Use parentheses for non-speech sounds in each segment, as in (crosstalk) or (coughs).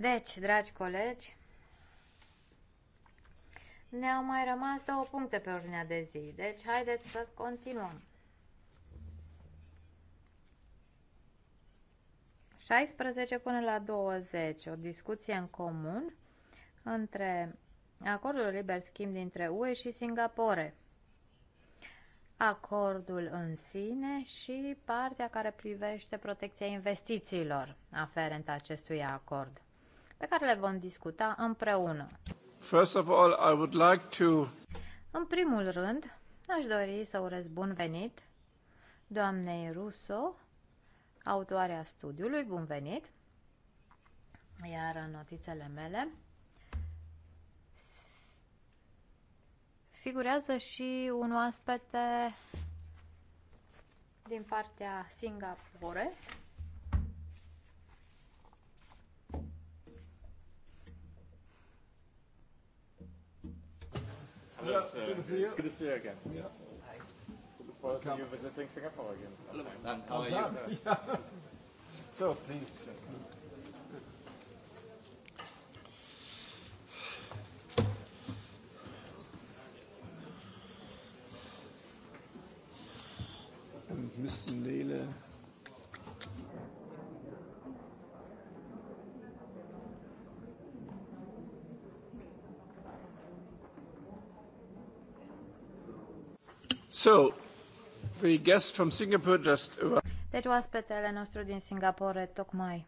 Deci, dragi colegi, ne-au mai rămas două puncte pe ordinea de zi, deci haideți să continuăm. 16 până la 20, o discuție în comun între acordul liber schimb dintre UE și Singapore, acordul în sine și partea care privește protecția investițiilor aferent acestui acord pe care le vom discuta împreună. First of all, I would like to... În primul rând, aș dori să urez bun venit doamnei Russo, autoarea studiului, bun venit! Iar în notițele mele figurează și un oaspete din partea Singapore, Yeah, it's good to see you. again. Yeah. Look forward to you visiting Singapore again. Hello, Dan. How are you? so, please. Müssen Nele So, the guest from Singapore just Deci oaspetele nostru din Singapore tocmai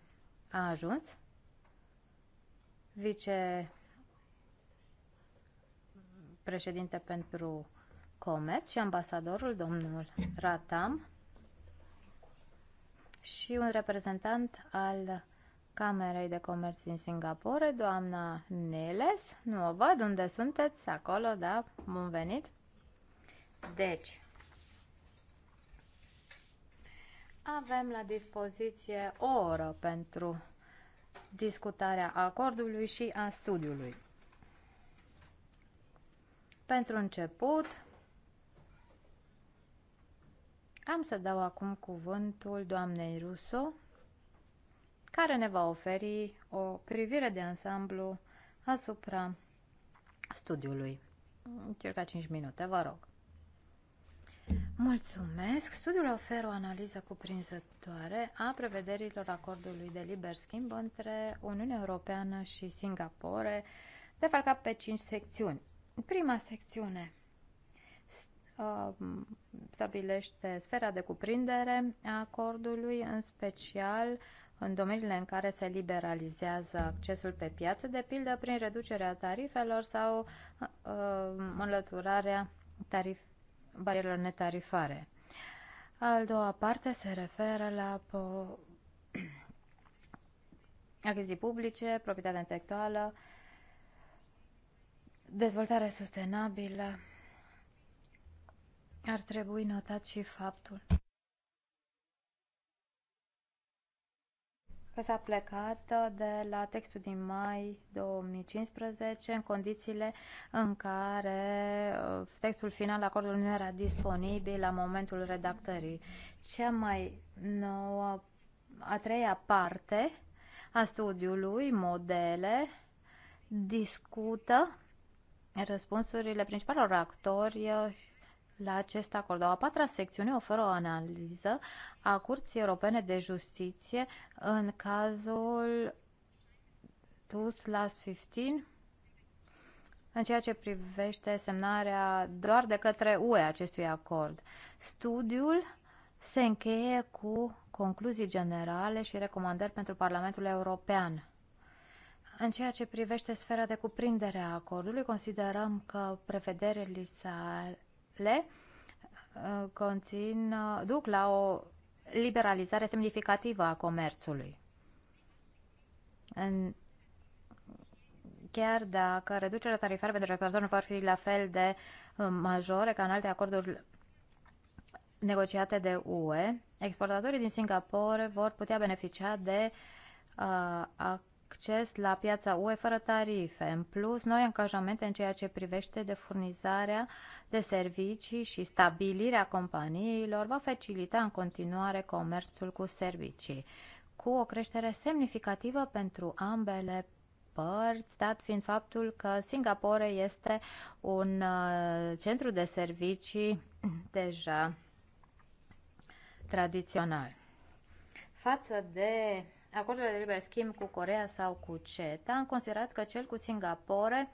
a ajuns. Vice președinte pentru comerț și ambasadorul domnul Ratam și un reprezentant al Camerei de Comerț din Singapore, doamna Neles. Nu o văd, unde sunteți? Acolo, da, bun venit. Deci, avem la dispoziție o oră pentru discutarea acordului și a studiului. Pentru început, am să dau acum cuvântul doamnei Russo, care ne va oferi o privire de ansamblu asupra studiului. Circa 5 minute, vă rog. Mulțumesc! Studiul oferă o analiză cuprinzătoare a prevederilor acordului de liber schimb între Uniunea Europeană și Singapore, de defalcat pe cinci secțiuni. Prima secțiune uh, stabilește sfera de cuprindere a acordului, în special în domeniile în care se liberalizează accesul pe piață, de pildă prin reducerea tarifelor sau uh, uh, înlăturarea tarifelor barierelor netarifare. Al doua parte se referă la po- (clears throat) achiziții publice, proprietatea intelectuală, dezvoltare sustenabilă. Ar trebui notat și faptul că s-a plecat de la textul din mai 2015 în condițiile în care uh, textul final acordului nu era disponibil la momentul redactării. Cea mai nouă, a treia parte a studiului, modele, discută răspunsurile principalor actori uh, la acest acord. O a patra secțiune oferă o analiză a Curții Europene de Justiție în cazul TUS Last 15 în ceea ce privește semnarea doar de către UE acestui acord. Studiul se încheie cu concluzii generale și recomandări pentru Parlamentul European. În ceea ce privește sfera de cuprindere a acordului, considerăm că prevederile sale simple uh, conțin, uh, duc la o liberalizare semnificativă a comerțului. În chiar dacă reducerea tarifară pentru exportatori nu vor fi la fel de uh, majore ca în alte acorduri negociate de UE, exportatorii din Singapore vor putea beneficia de uh, acces la piața UE fără tarife. În plus, noi angajamente în ceea ce privește de furnizarea de servicii și stabilirea companiilor va facilita în continuare comerțul cu servicii, cu o creștere semnificativă pentru ambele părți, dat fiind faptul că Singapore este un uh, centru de servicii (clears throat) deja tradițional. Față de acordurile de liber schimb cu Corea sau cu CETA, am considerat că cel cu Singapore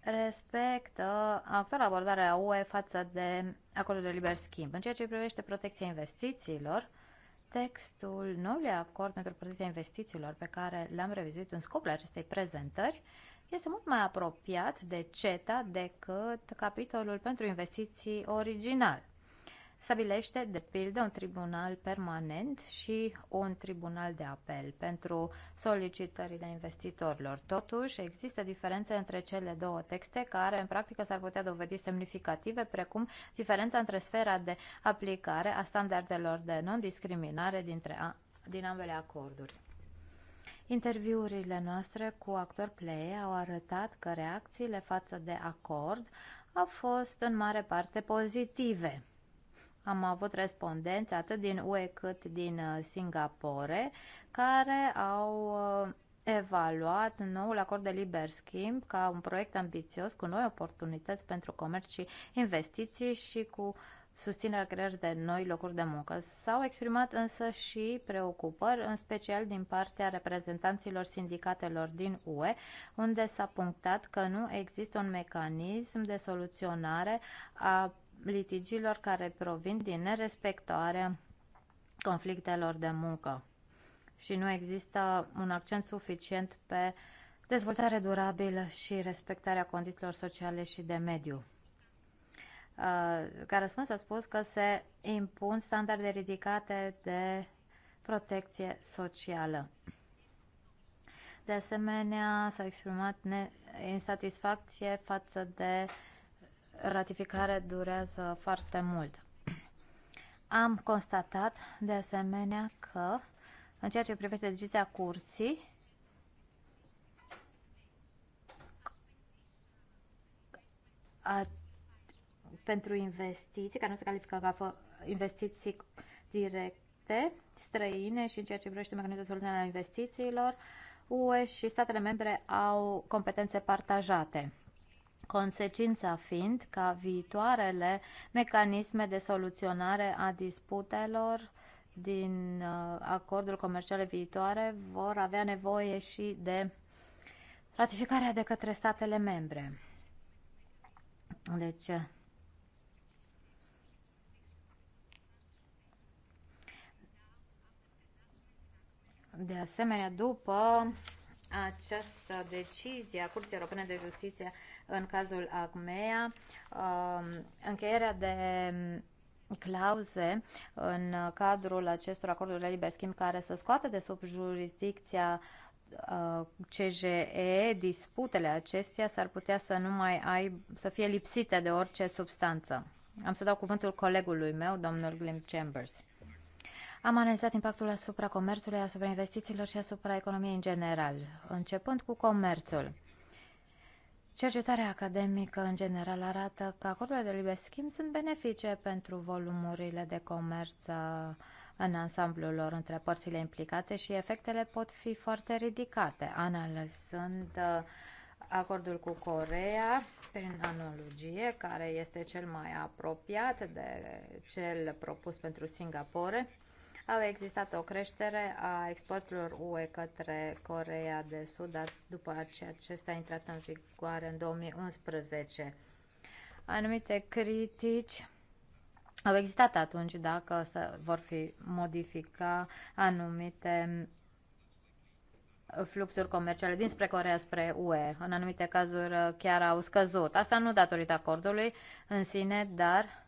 respectă actuala abordare a UE față de acordul de liber schimb. În ceea ce privește protecția investițiilor, textul noului acord pentru protecția investițiilor pe care l-am revizuit în scopul acestei prezentări este mult mai apropiat de CETA decât capitolul pentru investiții original stabilește, de pildă, un tribunal permanent și un tribunal de apel pentru solicitările investitorilor. Totuși, există diferențe între cele două texte care, în practică, s-ar putea dovedi semnificative, precum diferența între sfera de aplicare a standardelor de non-discriminare dintre a, din ambele acorduri. Interviurile noastre cu actor play au arătat că reacțiile față de acord au fost în mare parte pozitive am avut respondenți atât din UE cât din uh, Singapore care au uh, evaluat noul acord de liber schimb ca un proiect ambițios cu noi oportunități pentru comerț și investiții și cu susținerea creării de noi locuri de muncă. S-au exprimat însă și preocupări, în special din partea reprezentanților sindicatelor din UE, unde s-a punctat că nu există un mecanism de soluționare a litigiilor care provin din nerespectarea conflictelor de muncă și nu există un accent suficient pe dezvoltare durabilă și respectarea condițiilor sociale și de mediu. Uh, ca răspuns a spus că se impun standarde ridicate de protecție socială. De asemenea, s-a exprimat insatisfacție față de uh, ratificare durează foarte mult. Am constatat de asemenea că în ceea ce privește decizia curții, a, pentru investiții, care nu se califică ca investiții directe, străine și în ceea ce privește mecanismul de soluționare a investițiilor, UE și statele membre au competențe partajate. Consecința fiind ca viitoarele mecanisme de soluționare a disputelor din uh, acordul comercial viitoare vor avea nevoie și de ratificarea de către statele membre. Deci, de asemenea, după această decizie a Curții Europene de Justiție în cazul ACMEA, um, încheierea de clauze în cadrul acestor acorduri de liber schimb care să scoată de sub jurisdicția uh, CGE, disputele acestea s-ar putea să nu mai ai, să fie lipsite de orice substanță. Am să dau cuvântul colegului meu, domnul Glim Chambers. Am analizat impactul asupra comerțului, asupra investițiilor și asupra economiei în general, începând cu comerțul. Cercetarea academică în general arată că acordurile de liber schimb sunt benefice pentru volumurile de comerț uh, în ansamblul lor între părțile implicate și efectele pot fi foarte ridicate, analizând uh, acordul cu Corea prin analogie, care este cel mai apropiat de cel propus pentru Singapore au existat o creștere a exporturilor UE către Coreea de Sud după ce acesta a intrat în vigoare în 2011. Anumite critici au existat atunci dacă se vor fi modifica anumite fluxuri comerciale dinspre Corea spre UE. În anumite cazuri chiar au scăzut. Asta nu datorită acordului în sine, dar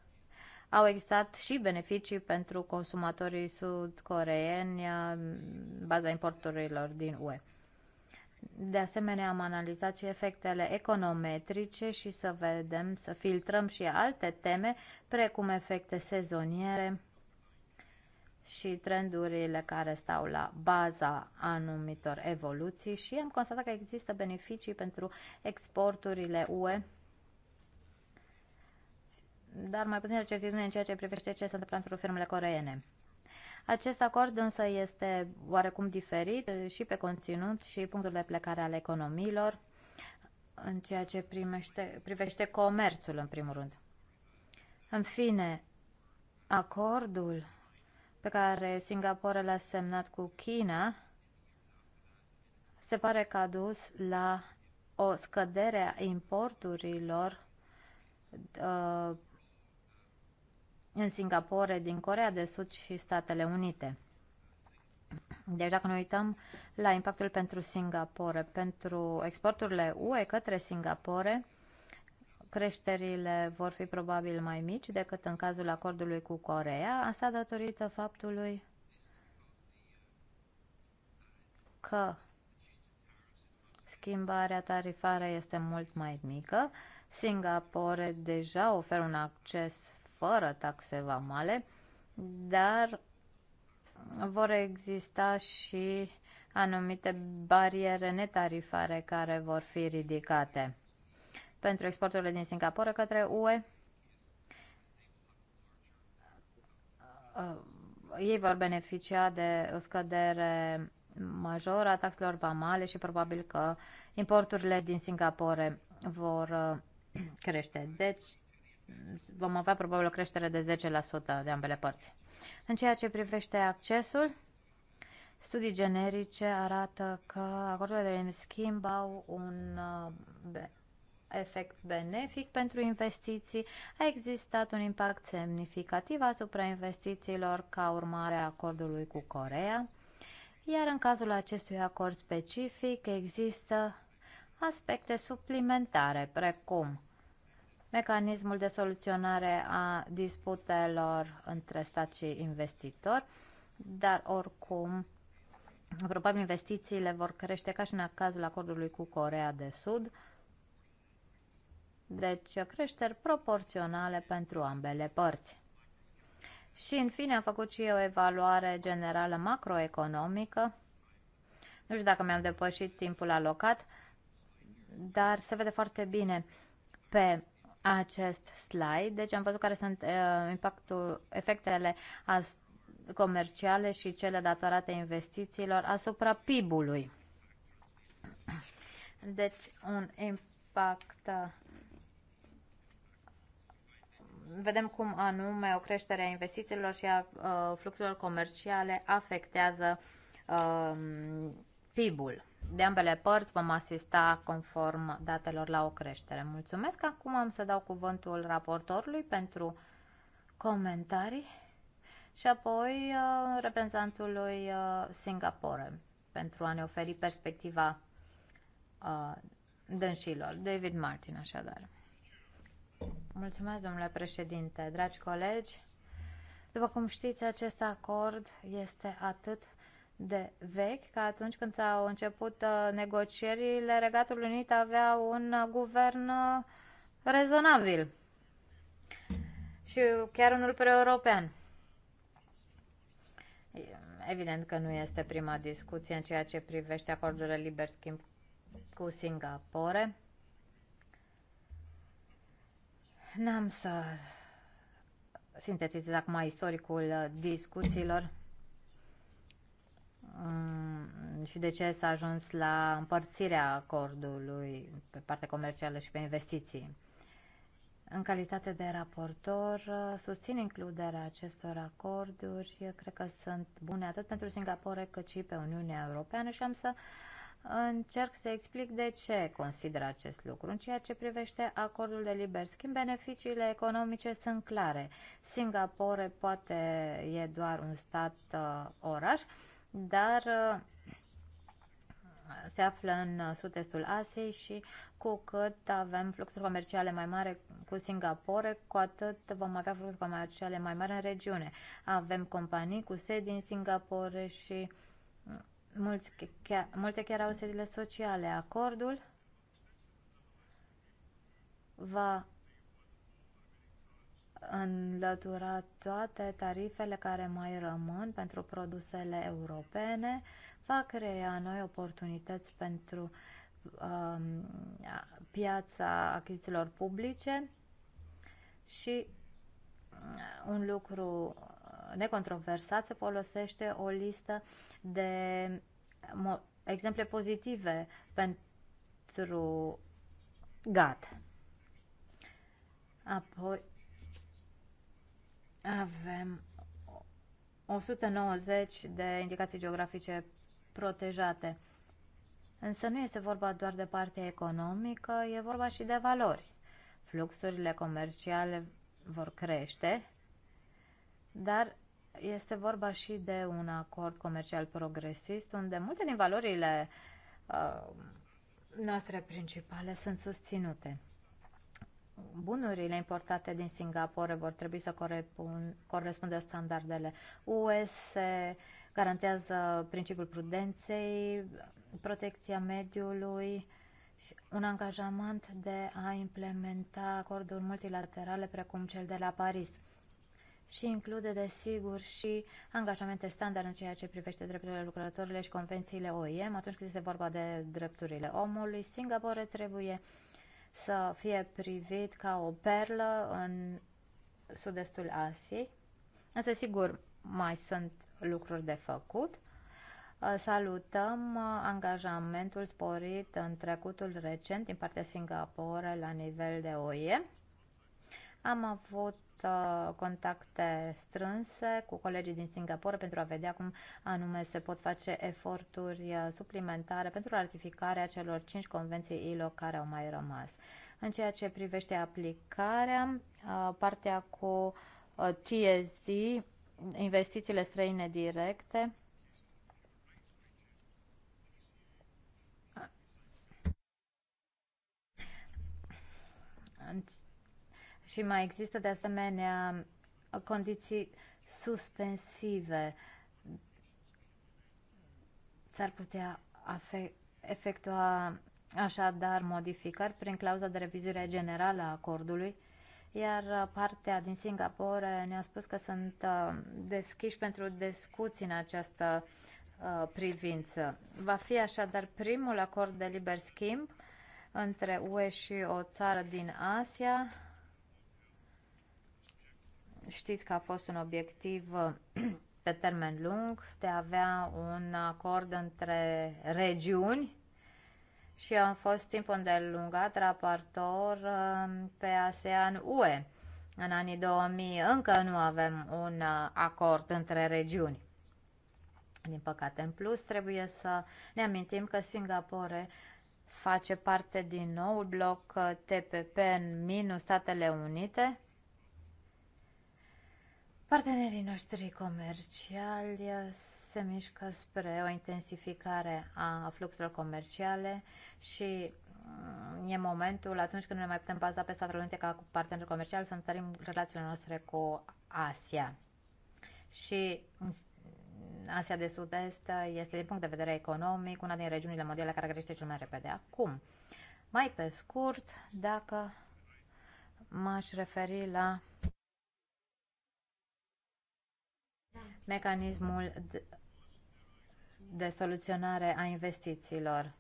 au existat și beneficii pentru consumatorii sudcoreeni uh, baza importurilor din UE. De asemenea, am analizat și efectele econometrice și să vedem, să filtrăm și alte teme, precum efecte sezoniere și trendurile care stau la baza anumitor evoluții și am constatat că există beneficii pentru exporturile UE dar mai puțină certitudine în ceea ce privește ce se întâmplă pentru firmele coreene. Acest acord însă este oarecum diferit și pe conținut și punctul de plecare al economiilor în ceea ce primește, privește comerțul în primul rând. În fine, acordul pe care Singapore l-a semnat cu China se pare că a dus la o scădere a importurilor uh, în Singapore, din Corea de Sud și Statele Unite. Deci dacă ne uităm la impactul pentru Singapore, pentru exporturile UE către Singapore, creșterile vor fi probabil mai mici decât în cazul acordului cu Corea, asta datorită faptului că schimbarea tarifară este mult mai mică. Singapore deja oferă un acces fără taxe vamale, dar vor exista și anumite bariere netarifare care vor fi ridicate pentru exporturile din Singapore către UE. Uh, ei vor beneficia de o scădere majoră a taxelor vamale și probabil că importurile din Singapore vor uh, (clears throat) crește. Deci, vom avea probabil o creștere de 10% de ambele părți. În ceea ce privește accesul, studii generice arată că acordurile de schimb au un uh, efect benefic pentru investiții, a existat un impact semnificativ asupra investițiilor ca urmare a acordului cu Corea, iar în cazul acestui acord specific există aspecte suplimentare, precum mecanismul de soluționare a disputelor între stat și investitor, dar oricum probabil investițiile vor crește ca și în cazul acordului cu Corea de Sud, deci creșteri proporționale pentru ambele părți. Și în fine am făcut și eu o evaluare generală macroeconomică. Nu știu dacă mi-am depășit timpul alocat, dar se vede foarte bine pe acest slide. Deci am văzut care sunt uh, impactul, efectele as comerciale și cele datorate investițiilor asupra PIB-ului. Deci un impact uh, vedem cum anume o creștere a investițiilor și a uh, fluxurilor comerciale afectează uh, PIB-ul. De ambele părți vom asista conform datelor la o creștere. Mulțumesc. Acum am să dau cuvântul raportorului pentru comentarii și apoi uh, reprezentantului uh, Singapore pentru a ne oferi perspectiva uh, dânșilor. David Martin, așadar. Mulțumesc, domnule președinte. Dragi colegi, după cum știți, acest acord este atât de vechi, că atunci când s-au început uh, negocierile, Regatul Unit avea un uh, guvern uh, rezonabil și chiar unul pre-european. Evident că nu este prima discuție în ceea ce privește acordurile liber schimb cu Singapore. N-am să sintetizez acum istoricul discuțiilor. Mm, și de ce s-a ajuns la împărțirea acordului pe partea comercială și pe investiții. În calitate de raportor, susțin includerea acestor acorduri. Eu cred că sunt bune atât pentru Singapore cât și pe Uniunea Europeană și am să încerc să explic de ce consider acest lucru. În ceea ce privește acordul de liber schimb, beneficiile economice sunt clare. Singapore poate e doar un stat uh, oraș, dar uh, se află în uh, sud-estul Asiei și cu cât avem fluxuri comerciale mai mari cu Singapore, cu atât vom avea fluxuri comerciale mai mari în regiune. Avem companii cu sedi în Singapore și mm, mulți chiar, multe chiar au sediile sociale. Acordul va înlătura toate tarifele care mai rămân pentru produsele europene, va crea noi oportunități pentru um, piața achizițiilor publice și uh, un lucru necontroversat se folosește o listă de exemple pozitive pentru GAT. Apoi, avem 190 de indicații geografice protejate. Însă nu este vorba doar de partea economică, e vorba și de valori. Fluxurile comerciale vor crește, dar este vorba și de un acord comercial progresist, unde multe din valorile uh, noastre principale sunt susținute bunurile importate din Singapore vor trebui să corespundă standardele U.S. garantează principiul prudenței, protecția mediului, și un angajament de a implementa acorduri multilaterale precum cel de la Paris și include, desigur, și angajamente standard în ceea ce privește drepturile lucrătorilor și convențiile OIM atunci când este vorba de drepturile omului. Singapore trebuie uh, să fie privit ca o perlă în sud-estul Asiei. Însă, sigur, mai sunt lucruri de făcut. Uh, salutăm uh, angajamentul sporit în trecutul recent din partea Singapore la nivel de OIE. Am avut contacte strânse cu colegii din Singapore pentru a vedea cum anume se pot face eforturi uh, suplimentare pentru ratificarea celor cinci convenții ILO care au mai rămas. În ceea ce privește aplicarea, uh, partea cu uh, TSD, investițiile străine directe, și mai există de asemenea condiții suspensive. S-ar putea efectua așadar modificări prin clauza de revizuire generală a acordului, iar partea din Singapore ne-a spus că sunt uh, deschiși pentru discuții în această uh, privință. Va fi așadar primul acord de liber schimb între UE și o țară din Asia știți că a fost un obiectiv (clears throat) pe termen lung de a avea un acord între regiuni și am fost timp îndelungat raportor um, pe ASEAN UE. În anii 2000 încă nu avem un uh, acord între regiuni. Din păcate, în plus, trebuie să ne amintim că Singapore face parte din noul bloc uh, TPP în minus Statele Unite, Partenerii noștri comerciali se mișcă spre o intensificare a fluxurilor comerciale și mm, e momentul atunci când ne mai putem baza pe statul Unite ca partener comercial să întărim relațiile noastre cu Asia. Și mm, Asia de Sud-Est este, din punct de vedere economic, una din regiunile mondiale care crește cel mai repede. Acum, mai pe scurt, dacă m-aș referi la mecanismul de soluționare a investițiilor.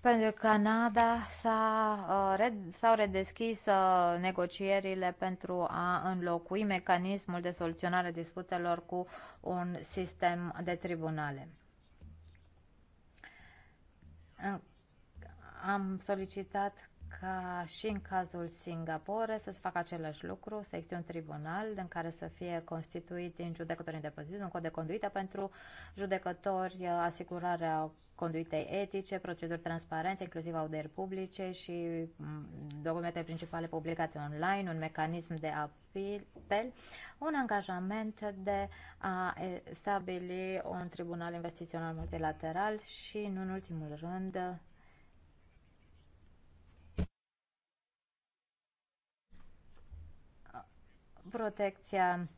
Pentru Canada uh, s-au redeschis uh, negocierile pentru a înlocui mecanismul de soluționare disputelor cu un sistem de tribunale. Am solicitat ca și în cazul Singapore să se facă același lucru, să existe un tribunal în care să fie constituit din judecători independenți, un cod de conduită pentru judecători, asigurarea conduitei etice, proceduri transparente, inclusiv audieri publice și mm, documente principale publicate online, un mecanism de apel, un angajament de a stabili un tribunal investițional multilateral și, nu în ultimul rând, protecția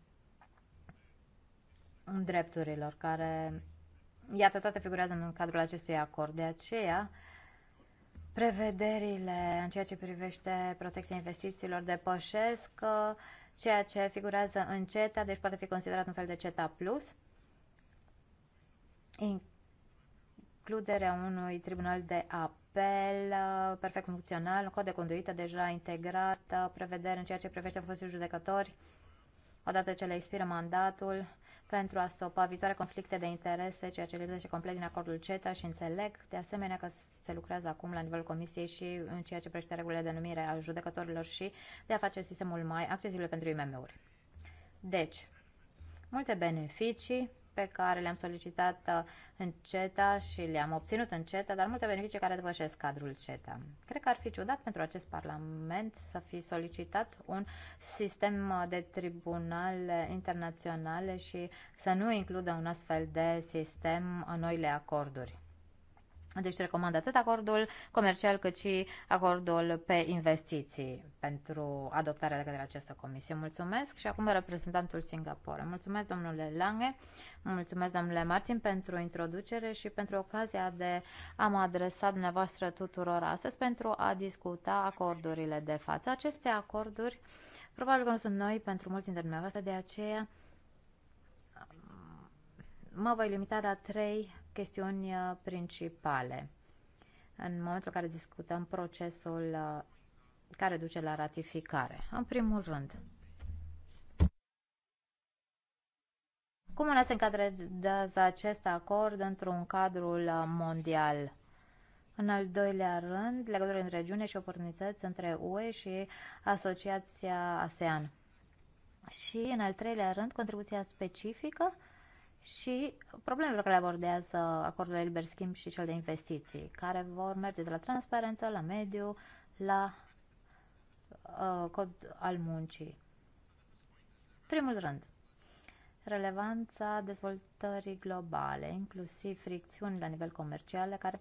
drepturilor, care, iată, toate figurează în cadrul acestui acord. De aceea, prevederile în ceea ce privește protecția investițiilor depășesc uh, ceea ce figurează în CETA, deci poate fi considerat un fel de CETA plus, includerea unui tribunal de apel uh, perfect funcțional, un cod de conduită deja integrat, uh, prevedere în ceea ce privește fosții judecători, odată ce le expiră mandatul, pentru a stopa viitoare conflicte de interese, ceea ce lipsește complet din acordul CETA și înțeleg de asemenea că se lucrează acum la nivelul Comisiei și în ceea ce privește regulile de numire a judecătorilor și de a face sistemul mai accesibil pentru IMM-uri. Deci, multe beneficii pe care le-am solicitat uh, în CETA și le-am obținut în CETA, dar multe beneficii care depășesc cadrul CETA. Cred că ar fi ciudat pentru acest Parlament să fi solicitat un sistem uh, de tribunale internaționale și să nu includă un astfel de sistem în noile acorduri. Deci recomand atât acordul comercial cât și acordul pe investiții pentru adoptarea de către această comisie. Mulțumesc și acum reprezentantul Singapore. Mulțumesc domnule Lange, mulțumesc domnule Martin pentru introducere și pentru ocazia de a mă adresa dumneavoastră tuturor astăzi pentru a discuta acordurile de față. Aceste acorduri probabil că nu sunt noi pentru mulți dintre dumneavoastră, de aceea mă voi limita la trei chestiuni uh, principale în momentul în care discutăm procesul uh, care duce la ratificare. În primul rând, cum ne se încadrează acest acord într-un cadru uh, mondial? În al doilea rând, legături între regiune și oportunități între UE și Asociația ASEAN. Și, în al treilea rând, contribuția specifică și problemele care le abordează acordul de liber schimb și cel de investiții, care vor merge de la transparență, la mediu, la uh, cod al muncii. Primul rând, relevanța dezvoltării globale, inclusiv fricțiuni la nivel comercial, care,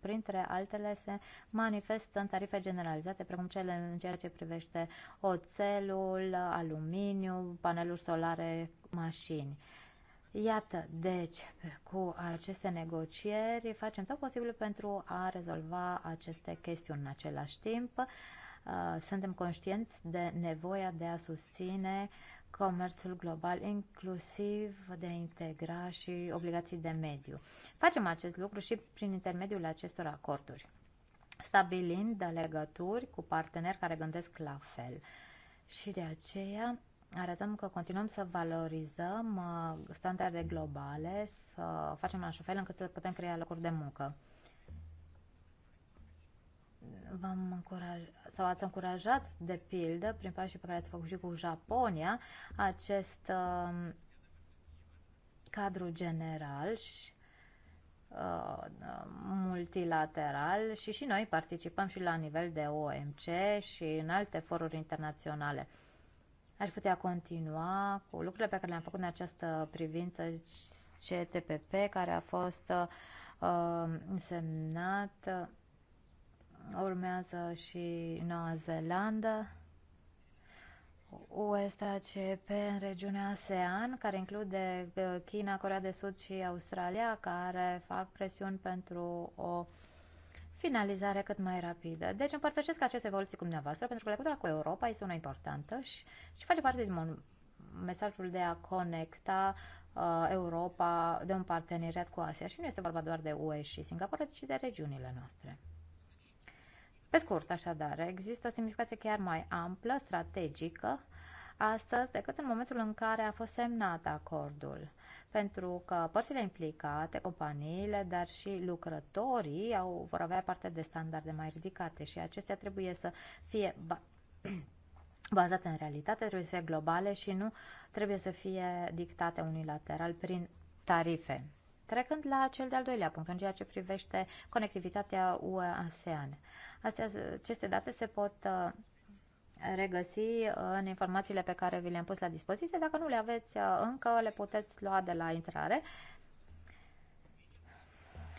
printre altele, se manifestă în tarife generalizate, precum cele în ceea ce privește oțelul, aluminiu, paneluri solare, mașini. Iată, deci, cu aceste negocieri facem tot posibilul pentru a rezolva aceste chestiuni în același timp. Uh, suntem conștienți de nevoia de a susține comerțul global, inclusiv de a integra și obligații de mediu. Facem acest lucru și prin intermediul acestor acorduri, stabilind legături cu parteneri care gândesc la fel. Și de aceea arătăm că continuăm să valorizăm uh, standarde globale, să facem în așa fel încât să putem crea locuri de muncă. V-am încuraj... sau ați încurajat, de pildă, prin pașii pe care ați făcut și cu Japonia, acest uh, cadru general și uh, multilateral și și noi participăm și la nivel de OMC și în alte foruri internaționale. Aș putea continua cu lucrurile pe care le-am făcut în această privință CTPP, care a fost uh, semnat. Urmează și Noua Zeelandă. USACP în regiunea ASEAN, care include uh, China, Corea de Sud și Australia, care fac presiuni pentru o uh, finalizare cât mai rapidă. Deci împărtășesc aceste evoluții cu dumneavoastră pentru că legătura cu Europa este una importantă și, și face parte din mesajul de a conecta uh, Europa de un parteneriat cu Asia și nu este vorba doar de UE și Singapore, ci de regiunile noastre. Pe scurt, așadar, există o semnificație chiar mai amplă, strategică, astăzi decât în momentul în care a fost semnat acordul pentru că părțile implicate, companiile, dar și lucrătorii au, vor avea parte de standarde mai ridicate și acestea trebuie să fie (clears throat) bazate în realitate, trebuie să fie globale și nu trebuie să fie dictate unilateral prin tarife. Trecând la cel de-al doilea punct, în ceea ce privește conectivitatea UE-ASEAN. Aceste date se pot uh, regăsi în informațiile pe care vi le-am pus la dispoziție. Dacă nu le aveți uh, încă, le puteți lua de la intrare.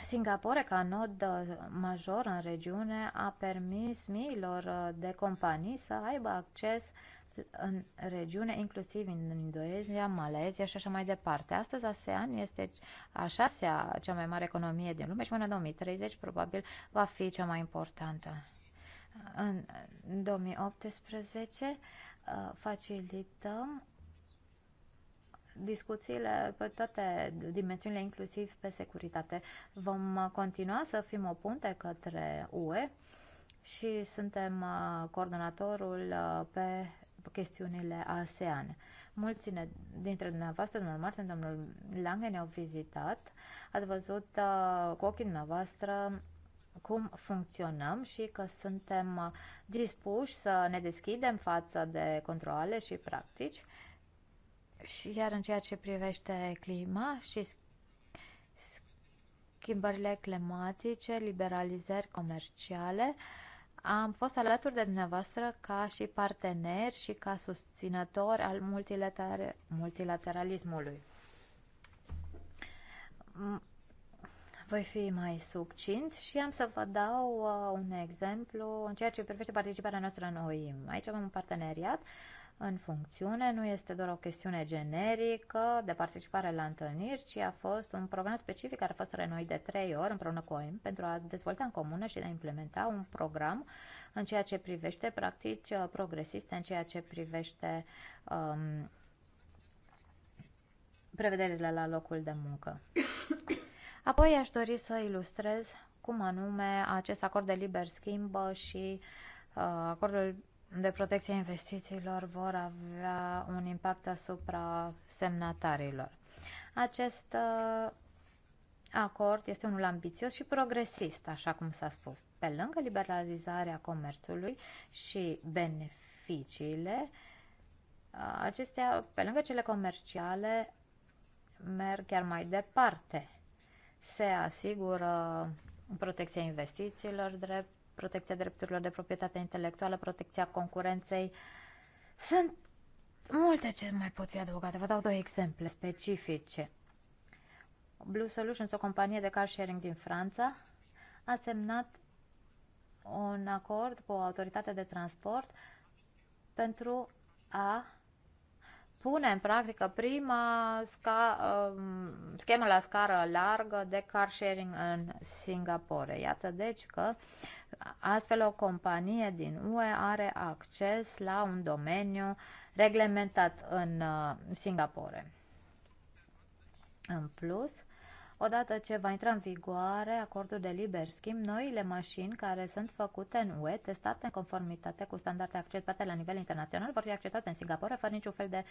Singapore, ca nod uh, major în regiune, a permis miilor uh, de companii să aibă acces în regiune, inclusiv în Indonezia, Malezia și așa mai departe. Astăzi ASEAN este a șasea cea mai mare economie din lume și până în 2030 probabil va fi cea mai importantă. În 2018 uh, facilităm discuțiile pe toate dimensiunile, inclusiv pe securitate. Vom uh, continua să fim o punte către UE și suntem uh, coordonatorul pe chestiunile ASEAN. Mulți dintre dumneavoastră, domnul Martin, domnul Lange ne-au vizitat. Ați văzut cu ochii dumneavoastră cum funcționăm și că suntem uh, dispuși să ne deschidem față de controle și practici. Și iar în ceea ce privește clima și schimbările climatice, liberalizări comerciale, am fost alături de dumneavoastră ca și partener și ca susținător al multilater multilateralismului voi fi mai succint și am să vă dau uh, un exemplu în ceea ce privește participarea noastră în OIM. Aici avem un parteneriat în funcțiune, nu este doar o chestiune generică de participare la întâlniri, ci a fost un program specific care a fost renoit de trei ori împreună cu OIM pentru a dezvolta în comună și de a implementa un program în ceea ce privește practici uh, progresiste, în ceea ce privește um, prevederile la locul de muncă. (coughs) Apoi aș dori să ilustrez cum anume acest acord de liber schimb și uh, acordul de protecție a investițiilor vor avea un impact asupra semnatarilor. Acest uh, acord este unul ambițios și progresist, așa cum s-a spus. Pe lângă liberalizarea comerțului și beneficiile, uh, acestea, pe lângă cele comerciale, merg chiar mai departe se asigură protecția investițiilor, drept, protecția drepturilor de proprietate intelectuală, protecția concurenței. Sunt multe ce mai pot fi adăugate. Vă dau două exemple specifice. Blue Solutions, o companie de car sharing din Franța, a semnat un acord cu o autoritate de transport pentru a pune în practică prima sca, um, schemă la scară largă de car sharing în Singapore. Iată deci că astfel o companie din UE are acces la un domeniu reglementat în uh, Singapore. În plus, Odată ce va intra în vigoare acordul de liber schimb, noile mașini care sunt făcute în UE, testate în conformitate cu standarde acceptate la nivel internațional, vor fi acceptate în Singapore fără niciun fel de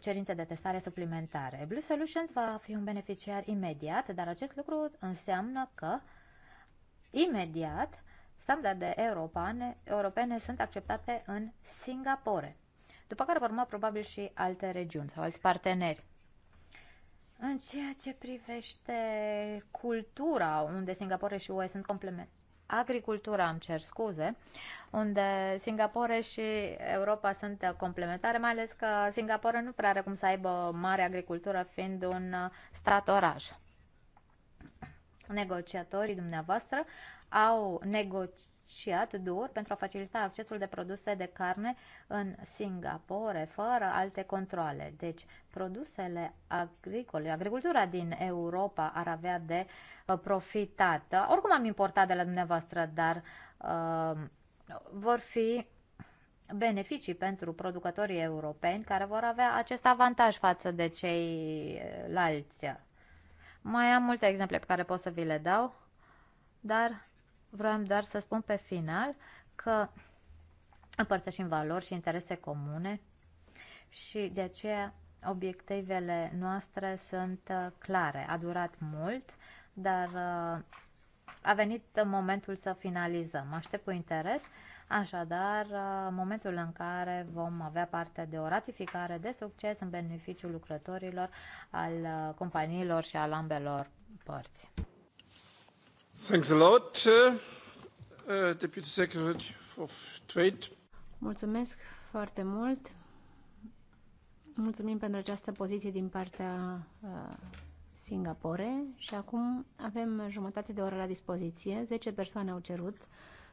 cerințe de testare suplimentare. Blue Solutions va fi un beneficiar imediat, dar acest lucru înseamnă că imediat standarde europene, europene sunt acceptate în Singapore, după care vor urma probabil și alte regiuni sau alți parteneri. În ceea ce privește cultura, unde Singapore și UE sunt complementi, agricultura, îmi cer scuze, unde Singapore și Europa sunt complementare, mai ales că Singapore nu prea are cum să aibă mare agricultură fiind un stat-oraș. Negociatorii dumneavoastră au negociat negociat dur pentru a facilita accesul de produse de carne în Singapore, fără alte controle. Deci, produsele agricole, agricultura din Europa ar avea de uh, profitat. Oricum am importat de la dumneavoastră, dar uh, vor fi beneficii pentru producătorii europeni care vor avea acest avantaj față de ceilalți. Mai am multe exemple pe care pot să vi le dau, dar Vreau doar să spun pe final că împărtășim valori și interese comune și de aceea obiectivele noastre sunt uh, clare. A durat mult, dar uh, a venit momentul să finalizăm. Aștept cu interes, așadar, uh, momentul în care vom avea parte de o ratificare de succes în beneficiul lucrătorilor, al companiilor și al ambelor părți. Uh, uh, Mulțumesc foarte mult. Mulțumim pentru această poziție din partea uh, Singapore și acum avem jumătate de oră la dispoziție. 10 persoane au cerut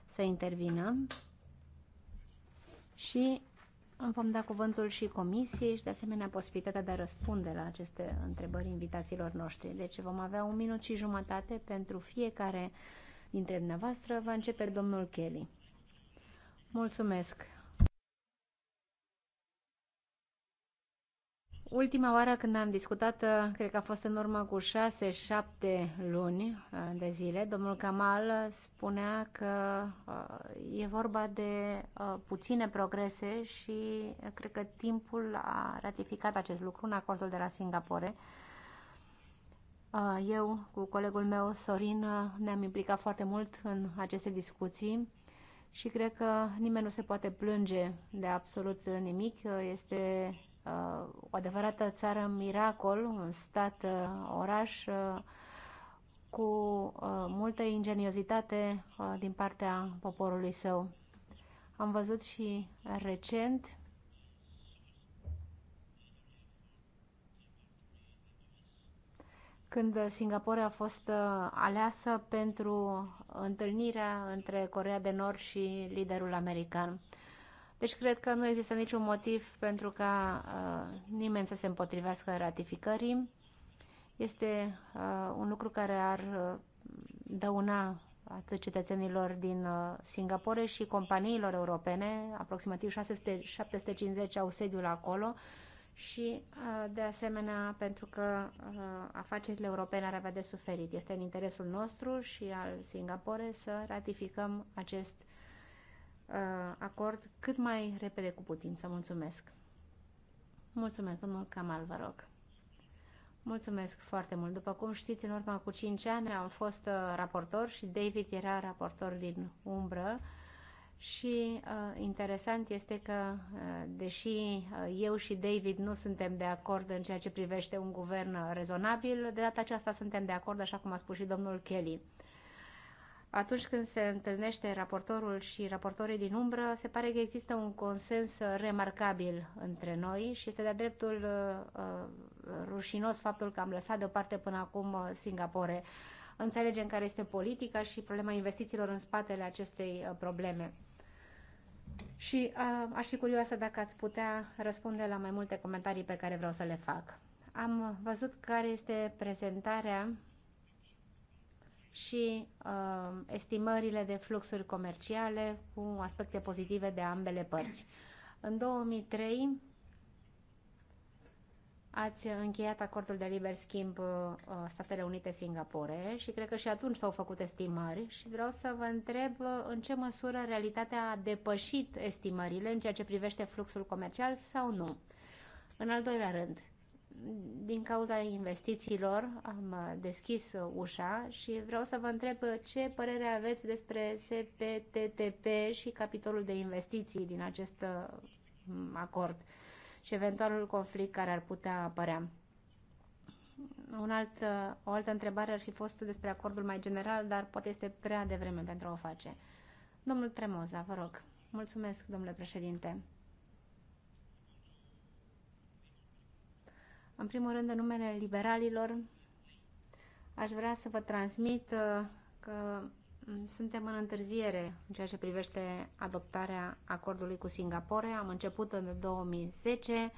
să intervină și Vom da cuvântul și comisiei și de asemenea posibilitatea de a răspunde la aceste întrebări invitațiilor noștri. Deci vom avea un minut și jumătate pentru fiecare dintre dumneavoastră. Va începe domnul Kelly. Mulțumesc. Ultima oară când am discutat, uh, cred că a fost în urmă cu 6-7 luni uh, de zile, domnul Kamal uh, spunea că e vorba de puține progrese și cred că timpul a ratificat acest lucru în acordul de la Singapore. Eu cu colegul meu, Sorin, ne-am implicat foarte mult în aceste discuții și cred că nimeni nu se poate plânge de absolut nimic. Este Uh, o adevărată țară miracol, un stat, uh, oraș uh, cu multă ingeniozitate din partea poporului său. Am văzut și recent când Singapore a fost aleasă pentru întâlnirea între Corea de Nord și liderul american. Deci cred că nu există niciun motiv pentru ca uh, nimeni să se împotrivească ratificării. Este uh, un lucru care ar uh, dăuna atât cetățenilor din uh, Singapore și companiilor europene, aproximativ 600, 750 au sediul acolo, și, uh, de asemenea, pentru că uh, afacerile europene ar avea de suferit. Este în interesul nostru și al Singapore să ratificăm acest Uh, acord cât mai repede cu putință. Mulțumesc! Mulțumesc, domnul Kamal, vă rog! Mulțumesc foarte mult. După cum știți, în urma cu 5 ani am fost uh, raportor și David era raportor din umbră și uh, interesant este că, uh, deși uh, eu și David nu suntem de acord în ceea ce privește un guvern rezonabil, de data aceasta suntem de acord, așa cum a spus și domnul Kelly. Uh, atunci când se întâlnește raportorul și raportorii din umbră, se pare că există un consens remarcabil între noi și este de-a dreptul uh, uh rușinos faptul că am lăsat deoparte până acum uh, Singapore. Înțelegem care este politica și problema investițiilor în spatele acestei uh, probleme. Și uh, aș fi curioasă dacă ați putea răspunde la mai multe comentarii pe care vreau să le fac. Am văzut care este prezentarea și uh, estimările de fluxuri comerciale cu aspecte pozitive de ambele părți. În 2003 ați încheiat acordul de liber schimb uh, Statele Unite-Singapore și cred că și atunci s-au făcut estimări și vreau să vă întreb uh, în ce măsură realitatea a depășit estimările în ceea ce privește fluxul comercial sau nu. În al doilea rând, din cauza investițiilor am uh, deschis uh, ușa și vreau să vă întreb uh, ce părere aveți despre SPTTP și capitolul de investiții din acest acord și eventualul conflict care ar putea apărea. Un alt, o altă întrebare ar fi fost despre acordul mai general, dar poate este prea devreme pentru a o face. Domnul Tremoza, vă rog. Mulțumesc, domnule președinte. În primul rând, în numele liberalilor, aș vrea să vă transmit uh, că mm, suntem în întârziere în ceea ce privește adoptarea acordului cu Singapore. Am început în 2010,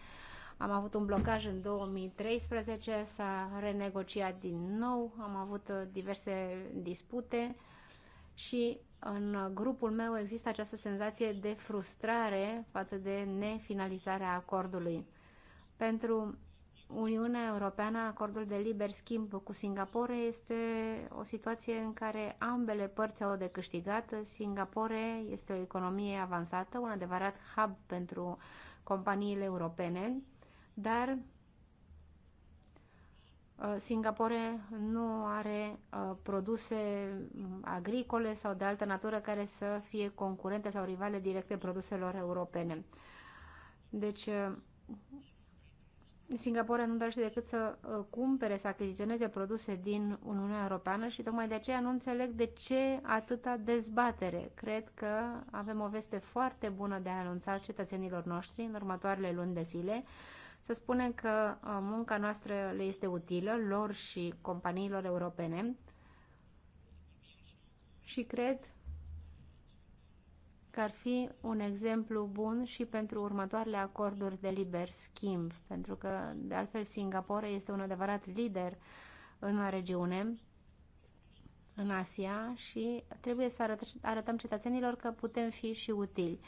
am avut un blocaj în 2013, s-a renegociat din nou, am avut uh, diverse dispute și în grupul meu există această senzație de frustrare față de nefinalizarea acordului. Pentru Uniunea Europeană, acordul de liber schimb cu Singapore este o situație în care ambele părți au de câștigat. Singapore este o economie avansată, un adevărat hub pentru companiile europene, dar uh, Singapore nu are uh, produse agricole sau de altă natură care să fie concurente sau rivale directe produselor europene. Deci, uh, Singapore nu dorește decât să uh, cumpere, să achiziționeze produse din Uniunea Europeană și tocmai de aceea nu înțeleg de ce atâta dezbatere. Cred că avem o veste foarte bună de a anunța cetățenilor noștri în următoarele luni de zile. Să spunem că uh, munca noastră le este utilă, lor și companiilor europene. Și cred că ar fi un exemplu bun și pentru următoarele acorduri de liber schimb, pentru că, de altfel, Singapore este un adevărat lider în regiune, în Asia și trebuie să arăt arătăm cetățenilor că putem fi și utili.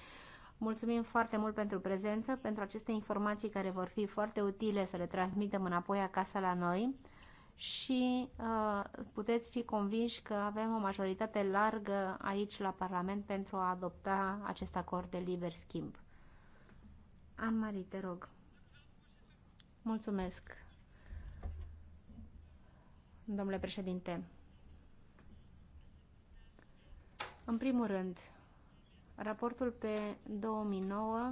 Mulțumim foarte mult pentru prezență, pentru aceste informații care vor fi foarte utile să le transmitem înapoi acasă la noi și uh, puteți fi convinși că avem o majoritate largă aici la Parlament pentru a adopta acest acord de liber schimb. Anne-Marie, te rog. Mulțumesc, domnule președinte. În primul rând, raportul pe 2009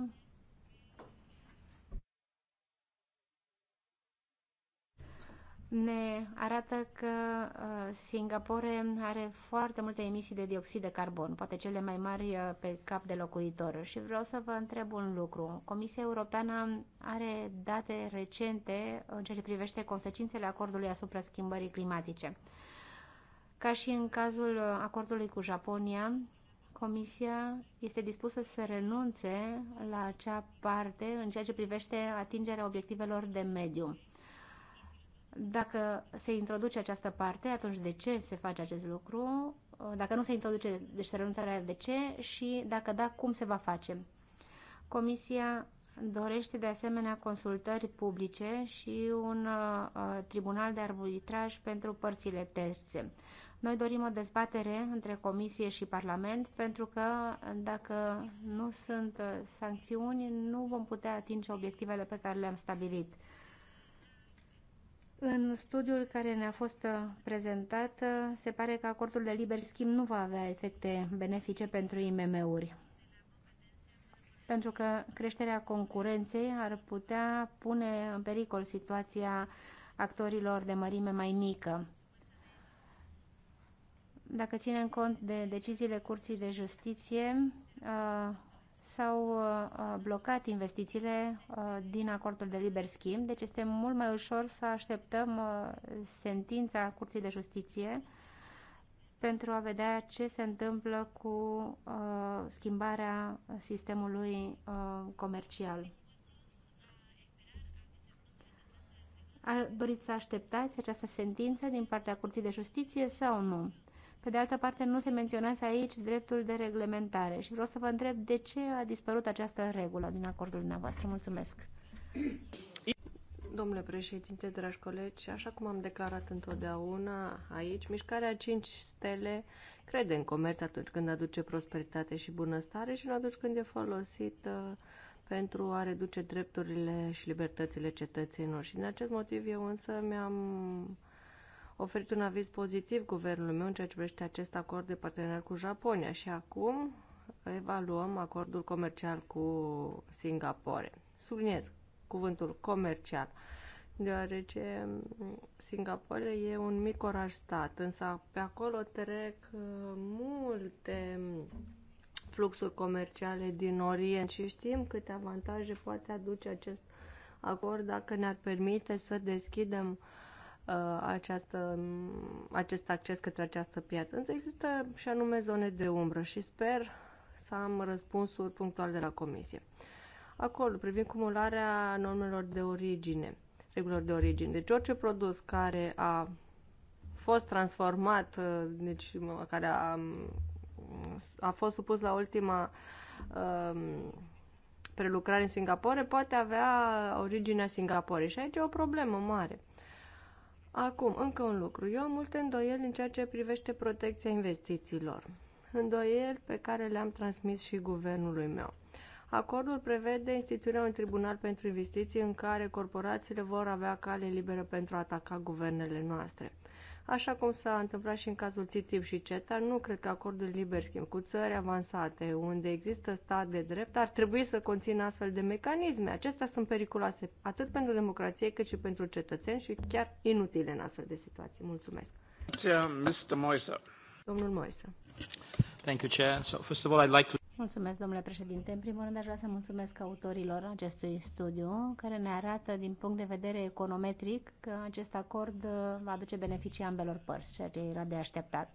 ne arată că uh, Singapore are foarte multe emisii de dioxid de carbon, poate cele mai mari uh, pe cap de locuitor. Și vreau să vă întreb un lucru. Comisia Europeană are date recente în ceea ce privește consecințele acordului asupra schimbării climatice. Ca și în cazul uh, acordului cu Japonia, Comisia este dispusă să renunțe la acea parte în ceea ce privește atingerea obiectivelor de mediu. Dacă se introduce această parte, atunci de ce se face acest lucru? Dacă nu se introduce, deci renunțarea de ce? Și dacă da, cum se va face? Comisia dorește de asemenea consultări publice și un uh, tribunal de arbitraj pentru părțile terțe. Noi dorim o dezbatere între Comisie și Parlament pentru că dacă nu sunt uh, sancțiuni, nu vom putea atinge obiectivele pe care le-am stabilit. În studiul care ne-a fost uh, prezentat, uh, se pare că acordul de liber schimb nu va avea efecte benefice pentru IMM-uri, pentru că creșterea concurenței ar putea pune în pericol situația actorilor de mărime mai mică. Dacă ținem cont de deciziile Curții de Justiție, uh, s-au uh, uh, blocat investițiile uh, din acordul de liber schimb, deci este mult mai ușor să așteptăm sentința Curții de Justiție pentru a vedea ce se întâmplă cu schimbarea sistemului comercial. Doriți să așteptați această sentință din partea Curții de Justiție sau nu? Pe de altă parte, nu se menționează aici dreptul de reglementare și vreau să vă întreb de ce a dispărut această regulă din acordul dumneavoastră. Mulțumesc! Domnule președinte, dragi colegi, așa cum am declarat întotdeauna aici, mișcarea 5 stele crede în comerț atunci când aduce prosperitate și bunăstare și nu atunci când e folosit pentru a reduce drepturile și libertățile cetățenilor. Și din acest motiv eu însă mi-am oferit un aviz pozitiv guvernului meu în ceea ce privește acest acord de parteneriat cu Japonia și acum evaluăm acordul comercial cu Singapore. Subliniez cuvântul comercial, deoarece Singapore e un mic oraș stat, însă pe acolo trec uh, multe fluxuri comerciale din Orient și știm câte avantaje poate aduce acest acord dacă ne-ar permite să deschidem uh, Uh, această, acest acces către această piață. Însă există și anume zone de umbră și sper să am răspunsuri punctuale de la comisie. Acolo, privind cumularea normelor de origine, regulilor de origine. Deci orice produs care a fost transformat, uh, deci care a, um, a fost supus la ultima um, prelucrare în Singapore, poate avea originea Singapore. Și aici e o problemă mare Acum, încă un lucru. Eu am multe îndoieli în ceea ce privește protecția investițiilor. Îndoieli pe care le-am transmis și guvernului meu. Acordul prevede instituirea unui tribunal pentru investiții în care corporațiile vor avea cale liberă pentru a ataca guvernele noastre. Așa cum s-a întâmplat și în cazul TTIP și CETA, nu cred că acordul liber schimb cu țări avansate, unde există stat de drept, ar trebui să conțină astfel de mecanisme. Acestea sunt periculoase atât pentru democrație cât și pentru cetățeni și chiar inutile în astfel de situații. Mulțumesc. Mr. Moise. Domnul Moise. Thank you, Chair. So, first of all, I'd like to... Mulțumesc, domnule președinte. În primul rând, aș vrea să mulțumesc autorilor acestui studiu, care ne arată, din punct de vedere econometric, că acest acord uh, va aduce beneficii ambelor părți, ceea ce era de așteptat.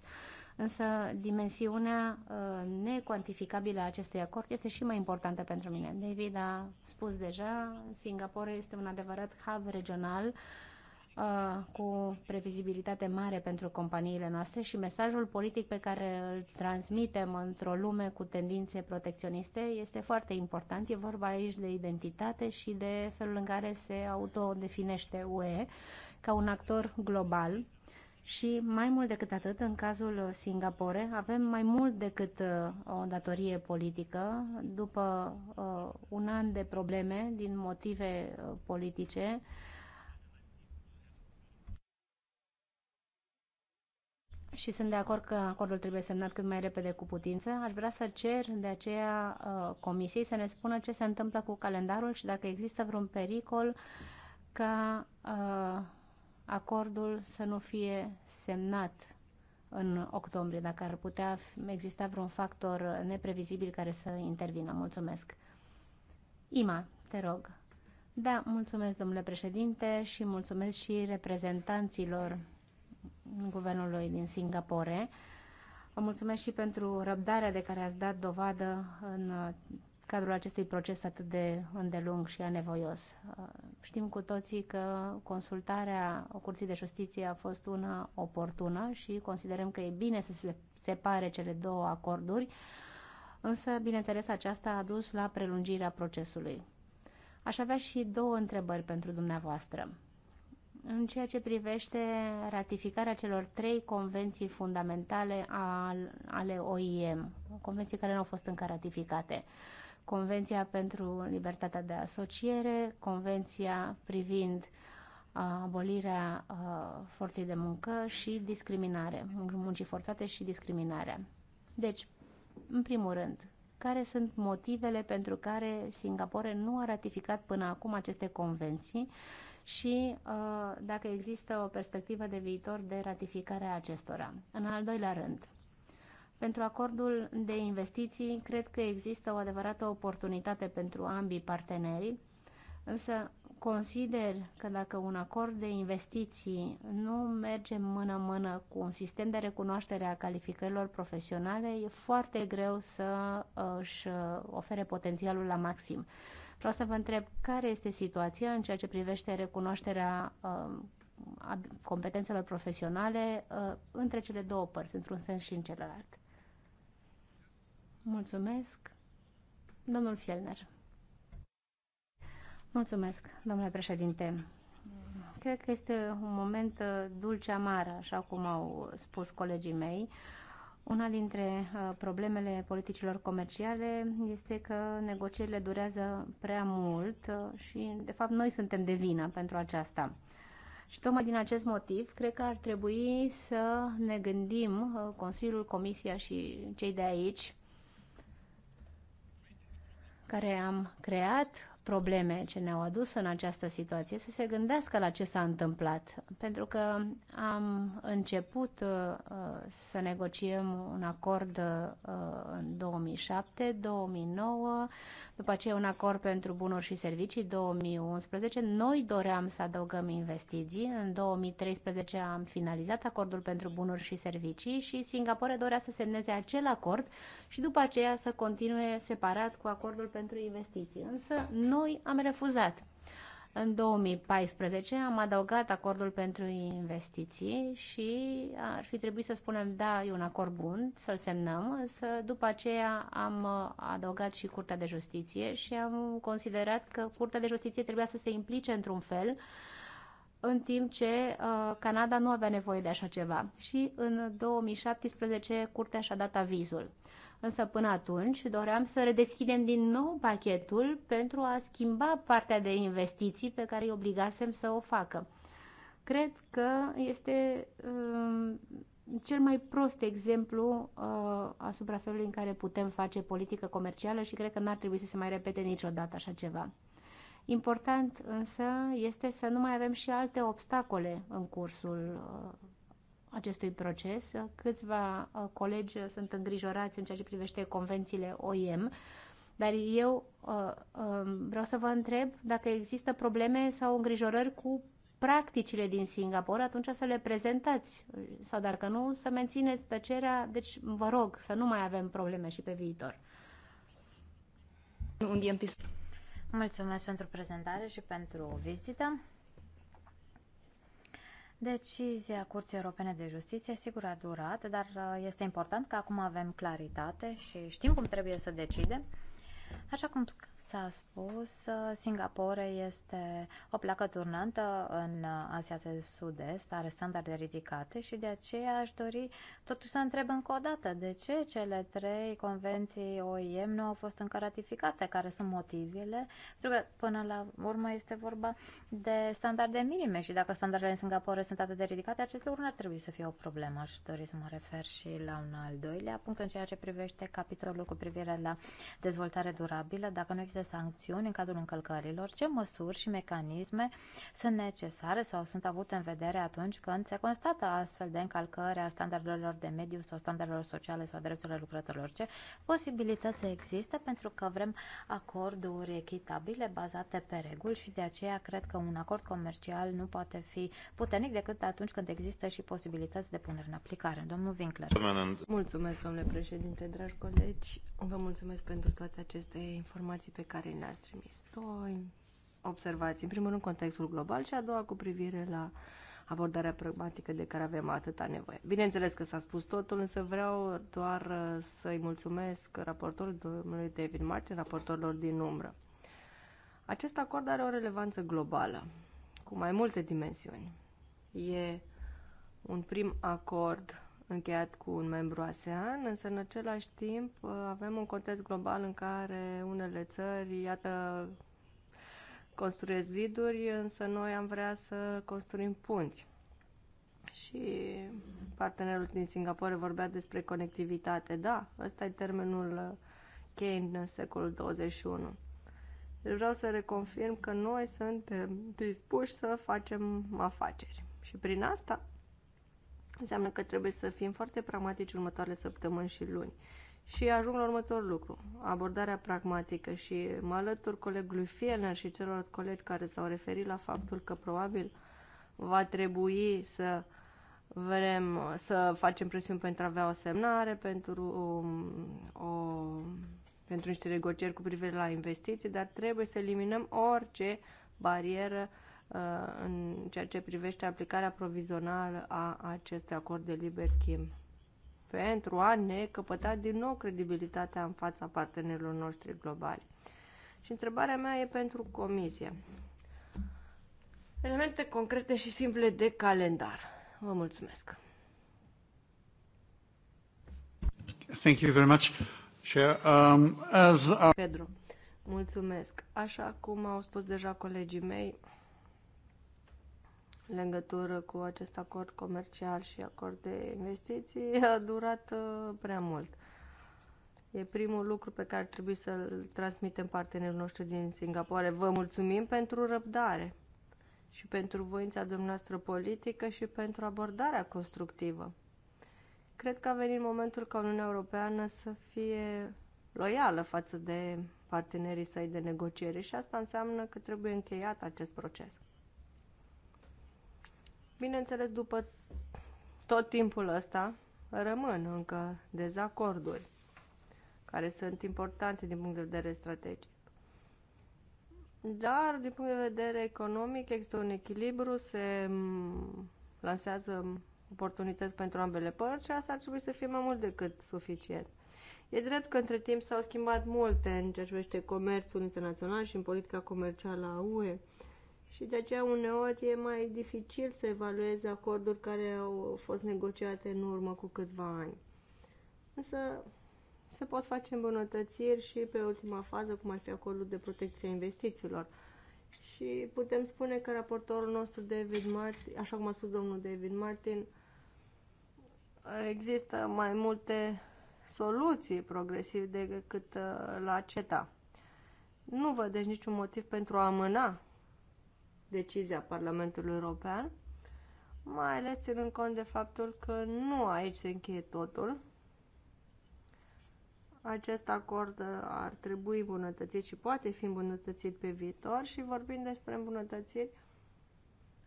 Însă, dimensiunea uh, necuantificabilă a acestui acord este și mai importantă pentru mine. David a spus deja, Singapore este un adevărat hub regional cu previzibilitate mare pentru companiile noastre și mesajul politic pe care îl transmitem într-o lume cu tendințe protecționiste este foarte important. E vorba aici de identitate și de felul în care se autodefinește UE ca un actor global și mai mult decât atât, în cazul Singapore, avem mai mult decât uh, o datorie politică. După uh, un an de probleme din motive uh, politice, uh, și sunt de acord că acordul trebuie semnat cât mai repede cu putință. Aș vrea să cer de aceea uh, comisiei să ne spună ce se întâmplă cu calendarul și dacă există vreun pericol ca uh, acordul să nu fie semnat în octombrie, dacă ar putea exista vreun factor neprevizibil care să intervină. Mulțumesc. Ima, te rog. Da, mulțumesc, domnule președinte, și mulțumesc și reprezentanților guvernului din Singapore. Vă mulțumesc și pentru răbdarea de care ați dat dovadă în uh, cadrul acestui proces atât de îndelung și anevoios. Uh, știm cu toții că consultarea Curții de Justiție a fost una oportună și considerăm că e bine să se separe cele două acorduri, însă, bineînțeles, aceasta a dus la prelungirea procesului. Aș avea și două întrebări pentru dumneavoastră. În ceea ce privește ratificarea celor trei convenții fundamentale ale OIM, convenții care nu au fost încă ratificate, Convenția pentru Libertatea de Asociere, Convenția privind abolirea forței de muncă și discriminare, muncii forțate și discriminarea. Deci, în primul rând, care sunt motivele pentru care Singapore nu a ratificat până acum aceste convenții și uh, dacă există o perspectivă de viitor de ratificare a acestora. În al doilea rând, pentru acordul de investiții, cred că există o adevărată oportunitate pentru ambii parteneri, însă consider că dacă un acord de investiții nu merge mână-mână cu un sistem de recunoaștere a calificărilor profesionale, e foarte greu să uh, își ofere potențialul la maxim. Vreau să vă întreb care este situația în ceea ce privește recunoașterea um, competențelor profesionale uh, între cele două părți, într-un sens și în celălalt. Mulțumesc. Domnul Fielner. Mulțumesc, domnule președinte. Cred că este un moment uh, dulce-amar, așa cum au spus colegii mei. Uh, una dintre uh, problemele politicilor comerciale este că negocierile durează prea mult uh, și, de fapt, noi suntem de vină pentru aceasta. Și tocmai din acest motiv, cred că ar trebui să ne gândim, uh, Consiliul, Comisia și cei de aici, care am creat probleme ce ne-au adus în această situație, să se gândească la ce s-a întâmplat. Pentru că am început uh, să negociem un acord uh, în 2007, 2009, după aceea un acord pentru bunuri și servicii 2011. Noi doream să adăugăm investiții. În 2013 am finalizat acordul pentru bunuri și servicii și Singapore dorea să semneze acel acord și după aceea să continue separat cu acordul pentru investiții. Însă nu noi am refuzat. În 2014 am adăugat acordul pentru investiții și ar fi trebuit să spunem, da, e un acord bun, să-l semnăm, însă după aceea am adăugat și Curtea de Justiție și am considerat că Curtea de Justiție trebuia să se implice într-un fel în timp ce uh, Canada nu avea nevoie de așa ceva. Și în 2017 Curtea și-a dat avizul. Însă până atunci doream să redeschidem din nou pachetul pentru a schimba partea de investiții pe care îi obligasem să o facă. Cred că este uh, cel mai prost exemplu uh, asupra felului în care putem face politică comercială și cred că n-ar trebui să se mai repete niciodată așa ceva. Important însă este să nu mai avem și alte obstacole în cursul uh, acestui proces. Câțiva uh, colegi sunt îngrijorați în ceea ce privește convențiile OIM, dar eu uh, um, vreau să vă întreb dacă există probleme sau îngrijorări cu practicile din Singapore, atunci să le prezentați sau dacă nu, să mențineți tăcerea. Deci vă rog să nu mai avem probleme și pe viitor. Mulțumesc pentru prezentare și pentru vizită. Decizia Curții Europene de Justiție, sigur, a durat, dar uh, este important că acum avem claritate și știm cum trebuie să decidem. Așa cum s-a spus, uh, Singapore este o placă turnantă în Asia de Sud-Est, are standarde ridicate și de aceea aș dori totuși să întreb încă o dată de ce cele trei convenții OIM nu au fost încă ratificate, care sunt motivele, pentru că până la urmă este vorba de standarde minime și dacă standardele în Singapore sunt atât de ridicate, acest lucru nu ar trebui să fie o problemă. Aș dori să mă refer și la un al doilea punct în ceea ce privește capitolul cu privire la dezvoltare durabilă. Dacă nu există de sancțiuni în cadrul încălcărilor, ce măsuri și mecanisme sunt necesare sau sunt avute în vedere atunci când se constată astfel de încălcări a standardelor de mediu sau standardelor sociale sau drepturile lucrătorilor? Ce posibilități există pentru că vrem acorduri echitabile bazate pe reguli și de aceea cred că un acord comercial nu poate fi puternic decât atunci când există și posibilități de punere în aplicare. Domnul Winkler. Mulțumesc, domnule președinte, dragi colegi. Vă mulțumesc pentru toate aceste informații pe care ne-ați trimis. Doi observații. În primul rând, contextul global și a doua cu privire la abordarea pragmatică de care avem atâta nevoie. Bineînțeles că s-a spus totul, însă vreau doar uh, să-i mulțumesc raportorului domnului David Martin, raportorilor din umbră. Acest acord are o relevanță globală, cu mai multe dimensiuni. E un prim acord încheiat cu un membru ASEAN, însă în același timp uh, avem un context global în care unele țări, iată, construiesc ziduri, însă noi am vrea să construim punți. Și partenerul din Singapore vorbea despre conectivitate. Da, ăsta e termenul cheie uh, în secolul 21. Deci vreau să reconfirm că noi suntem dispuși să facem afaceri. Și prin asta Înseamnă că trebuie să fim foarte pragmatici următoarele săptămâni și luni. Și ajung la următorul lucru, abordarea pragmatică și mă alătur colegului Fielner și celorlalți colegi care s-au referit la faptul că probabil va trebui să vrem să facem presiuni pentru a avea o semnare, pentru, o, um, o, pentru niște negocieri cu privire la investiții, dar trebuie să eliminăm orice barieră uh, Uh, în ceea ce privește aplicarea provizională a acestui acord de liber schimb pentru a ne căpăta din nou credibilitatea în fața partenerilor noștri globali. Și întrebarea mea e pentru comisie. Elemente concrete și simple de calendar. Vă mulțumesc. Thank you very much, Chair. Um, as a... Pedro, mulțumesc. Așa cum au spus deja colegii mei, în legătură cu acest acord comercial și acord de investiții a durat uh, prea mult. E primul lucru pe care trebuie să-l transmitem partenerilor noștri din Singapore. Vă mulțumim pentru răbdare și pentru voința dumneavoastră politică și pentru abordarea constructivă. Cred că a venit momentul ca Uniunea Europeană să fie loială față de partenerii săi de negociere și asta înseamnă că trebuie încheiat acest proces. Bineînțeles, după tot timpul ăsta rămân încă dezacorduri care sunt importante din punct de vedere strategic. Dar, din punct de vedere economic, există un echilibru, se lansează oportunități pentru ambele părți și asta ar trebui să fie mai mult decât suficient. E drept că între timp s-au schimbat multe în ceea ce privește comerțul internațional și în politica comercială a UE. Și de aceea uneori e mai dificil să evaluezi acorduri care au fost negociate în urmă cu câțiva ani. Însă se pot face îmbunătățiri și pe ultima fază, cum ar fi acordul de protecție a investițiilor. Și putem spune că raportorul nostru David Martin, așa cum a spus domnul David Martin, există mai multe soluții progresive decât uh, la CETA. Nu văd deci niciun motiv pentru a amâna decizia Parlamentului European, mai ales ținând cont de faptul că nu aici se încheie totul. Acest acord uh, ar trebui îmbunătățit și poate fi îmbunătățit pe viitor și vorbind despre îmbunătățiri,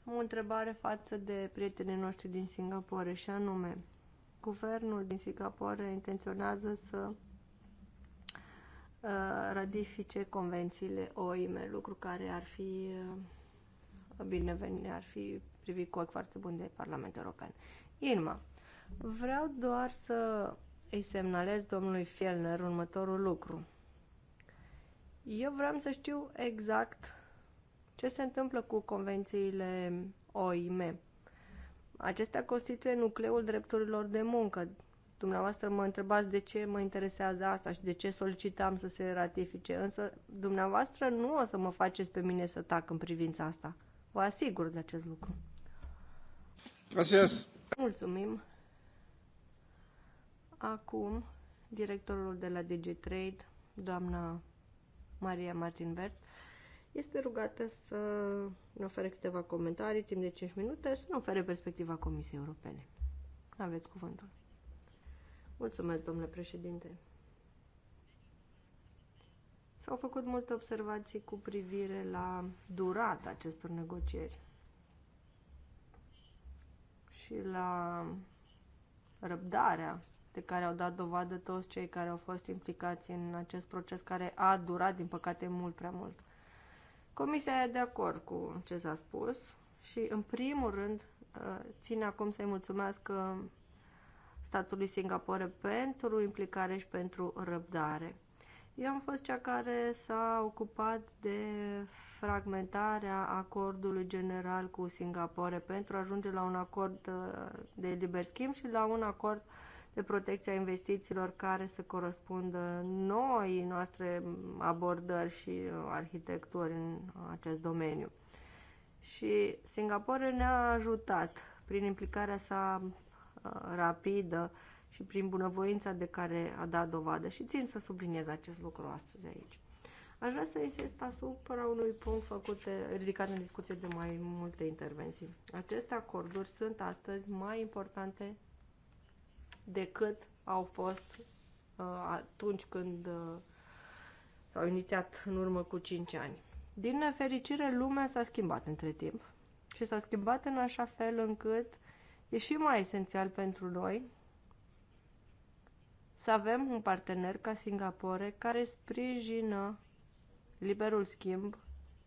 am o întrebare față de prietenii noștri din Singapore și anume, guvernul din Singapore intenționează să uh, radifice convențiile OIM, lucru care ar fi uh, binevenit, ar fi privit cu ochi foarte bun de Parlamentul European. Irma, vreau doar să îi semnalez domnului Fielner următorul lucru. Eu vreau să știu exact ce se întâmplă cu convențiile OIM. Acestea constituie nucleul drepturilor de muncă. Dumneavoastră mă întrebați de ce mă interesează asta și de ce solicitam să se ratifice, însă dumneavoastră nu o să mă faceți pe mine să tac în privința asta. Vă asigur de acest lucru. Gracias. Mulțumim. Acum, directorul de la DigiTrade, doamna Maria Martin Bert, este rugată să ne ofere câteva comentarii timp de 5 minute și să ne ofere perspectiva Comisiei Europene. Aveți cuvântul. Mulțumesc, domnule președinte. S-au făcut multe observații cu privire la durata acestor negocieri și la răbdarea de care au dat dovadă toți cei care au fost implicați în acest proces care a durat, din păcate, mult prea mult. Comisia e de acord cu ce s-a spus și, în primul rând, uh, ține acum să-i mulțumească statului Singapore pentru implicare și pentru răbdare. Eu am fost cea care s-a ocupat de fragmentarea acordului general cu Singapore pentru a ajunge la un acord uh, de liber schimb și la un acord de protecție a investițiilor care să corespundă noi noastre abordări și uh, arhitecturi în acest domeniu. Și Singapore ne-a ajutat prin implicarea sa uh, rapidă și prin bunăvoința de care a dat dovadă și țin să subliniez acest lucru astăzi aici. Aș vrea să insist asupra unui punct făcut, ridicat în discuție de mai multe intervenții. Aceste acorduri sunt astăzi mai importante decât au fost uh, atunci când uh, s-au inițiat în urmă cu 5 ani. Din nefericire, lumea s-a schimbat între timp și s-a schimbat în așa fel încât e și mai esențial pentru noi să avem un partener ca Singapore care sprijină liberul schimb,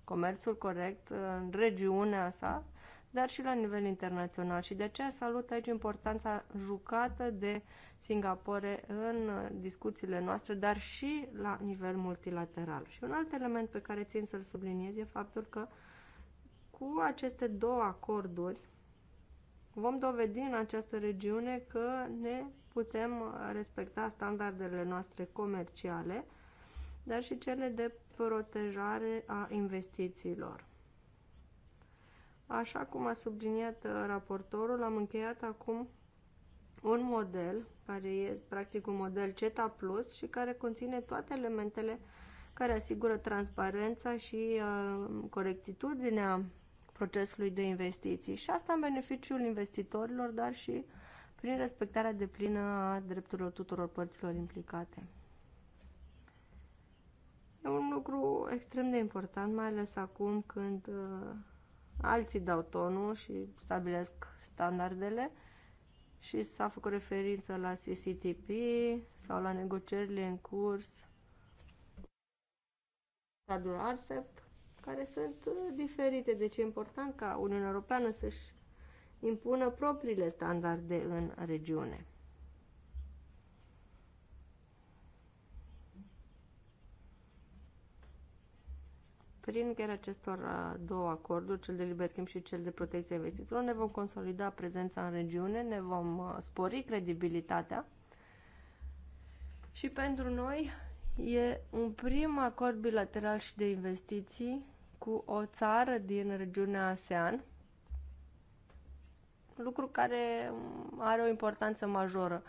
comerțul corect uh, în regiunea sa, dar și la nivel internațional. Și de aceea salut aici importanța jucată de Singapore în uh, discuțiile noastre, dar și la nivel multilateral. Și un alt element pe care țin să-l subliniez e faptul că cu aceste două acorduri vom dovedi în această regiune că ne putem uh, respecta standardele noastre comerciale, dar și cele de protejare a investițiilor. Așa cum a subliniat uh, raportorul, am încheiat acum un model, care e practic un model CETA Plus și care conține toate elementele care asigură transparența și uh, corectitudinea procesului de investiții. Și asta în beneficiul investitorilor, dar și prin respectarea deplină a drepturilor tuturor părților implicate. E un lucru extrem de important, mai ales acum când uh, alții dau tonul și stabilesc standardele și s-a făcut referință la CCTP sau la negocierile în curs cadrul ARCEP, care sunt uh, diferite. Deci e important ca Uniunea Europeană să-și impună propriile standarde în regiune. Prin chiar acestor două acorduri, cel de liber schimb și cel de protecție investițiilor, ne vom consolida prezența în regiune, ne vom spori credibilitatea și pentru noi e un prim acord bilateral și de investiții cu o țară din regiunea ASEAN, lucru care are o importanță majoră.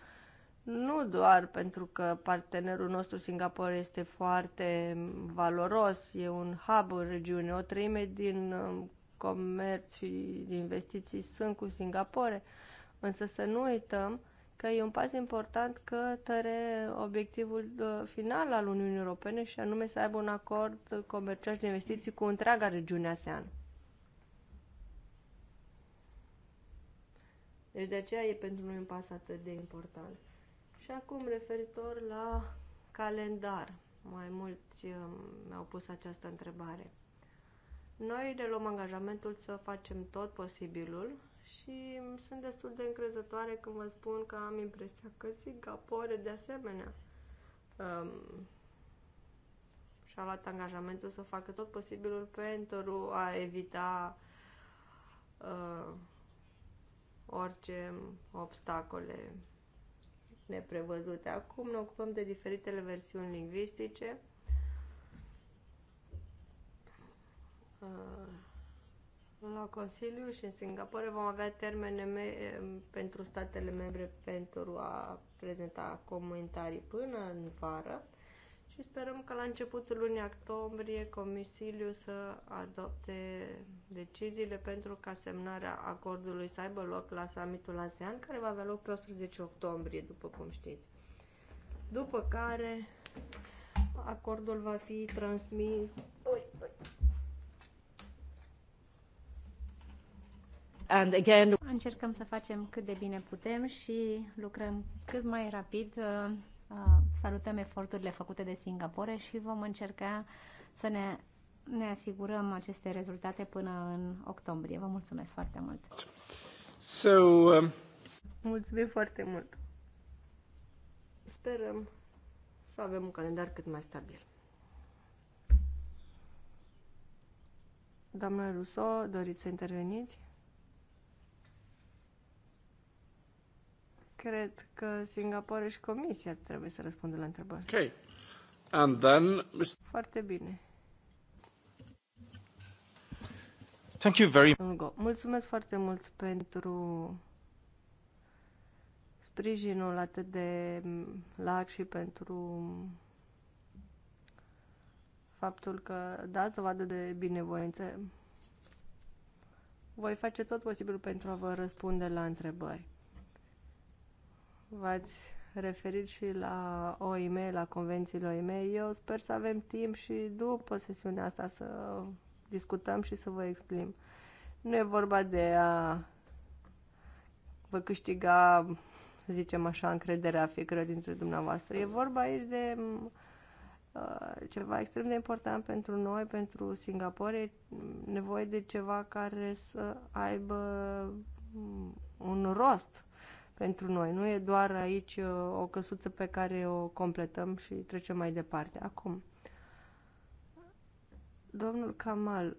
Nu doar pentru că partenerul nostru Singapore este foarte valoros, e un hub în regiune, o treime din um, comerț și investiții sunt cu Singapore, însă să nu uităm că e un pas important către obiectivul uh, final al Uniunii Europene și anume să aibă un acord comercial și de investiții cu întreaga regiune ASEAN. Deci de aceea e pentru noi un pas atât de important. Și acum referitor la calendar, mai mulți um, mi-au pus această întrebare. Noi ne luăm angajamentul să facem tot posibilul și um, sunt destul de încrezătoare când vă spun că am impresia că Singapore de asemenea um, și-a luat angajamentul să facă tot posibilul pentru a evita uh, orice obstacole neprevăzute. Acum ne ocupăm de diferitele versiuni lingvistice. Uh, la Consiliu și în Singapore vom avea termene pentru statele membre pentru a prezenta comentarii până în vară și sperăm că la începutul lunii octombrie Comisiliul să adopte deciziile pentru ca semnarea acordului să aibă loc la summitul ASEAN, care va avea loc pe 18 octombrie, după cum știți. După care acordul va fi transmis ui, ui. And again... Încercăm să facem cât de bine putem și lucrăm cât mai rapid uh, salutăm eforturile făcute de Singapore și vom încerca să ne, ne asigurăm aceste rezultate până în octombrie. Vă mulțumesc foarte mult! So, um... Mulțumim foarte mult! Sperăm să avem un calendar cât mai stabil. Doamna Ruso, doriți să interveniți? Cred că Singapore și Comisia trebuie să răspundă la întrebare. Ok. And then... Foarte bine. Thank you very much. Mulțumesc foarte mult pentru sprijinul atât de larg și pentru faptul că dați dovadă de binevoință. Voi face tot posibilul pentru a vă răspunde la întrebări. V-ați referit și la OIM, la convențiile OIM. Eu sper să avem timp și după sesiunea asta să discutăm și să vă exprim. Nu e vorba de a vă câștiga, să zicem așa, încrederea fiecare dintre dumneavoastră. E vorba aici de uh, ceva extrem de important pentru noi, pentru Singapore, e nevoie de ceva care să aibă mm, un rost pentru noi. Nu e doar aici uh, o căsuță pe care o completăm și trecem mai departe. Acum, domnul Kamal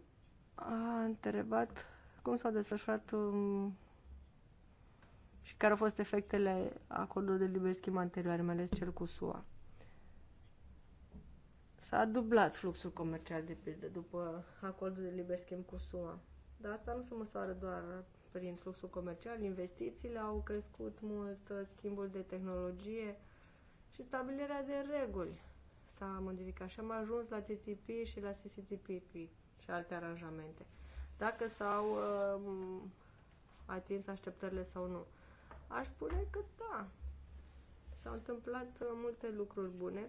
a întrebat cum s-au desfășurat um, și care au fost efectele acordului de liber schimb anterioare, mai ales cel cu SUA. S-a dublat fluxul comercial de pildă după acordul de liber schimb cu SUA. Dar asta nu se măsoară doar prin fluxul comercial, investițiile au crescut mult, schimbul de tehnologie și stabilirea de reguli s-a modificat și am ajuns la TTP și la CCTPP și alte aranjamente. Dacă s-au uh, atins așteptările sau nu. Aș spune că da, s-au întâmplat uh, multe lucruri bune.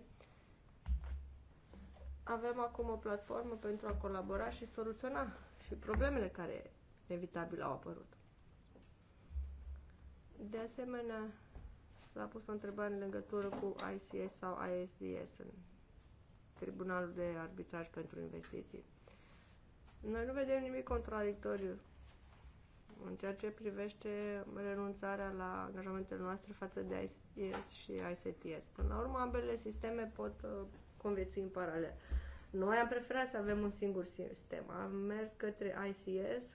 Avem acum o platformă pentru a colabora și soluționa și problemele care inevitabil au apărut. De asemenea, s-a pus o întrebare în legătură cu ICS sau ISDS în Tribunalul de Arbitraj pentru Investiții. Noi nu vedem nimic contradictoriu în ceea ce privește renunțarea la angajamentele noastre față de ICS și ICTS. Până la urmă, ambele sisteme pot uh, conviețui în paralel. Noi am preferat să avem un singur sistem. Am mers către ICS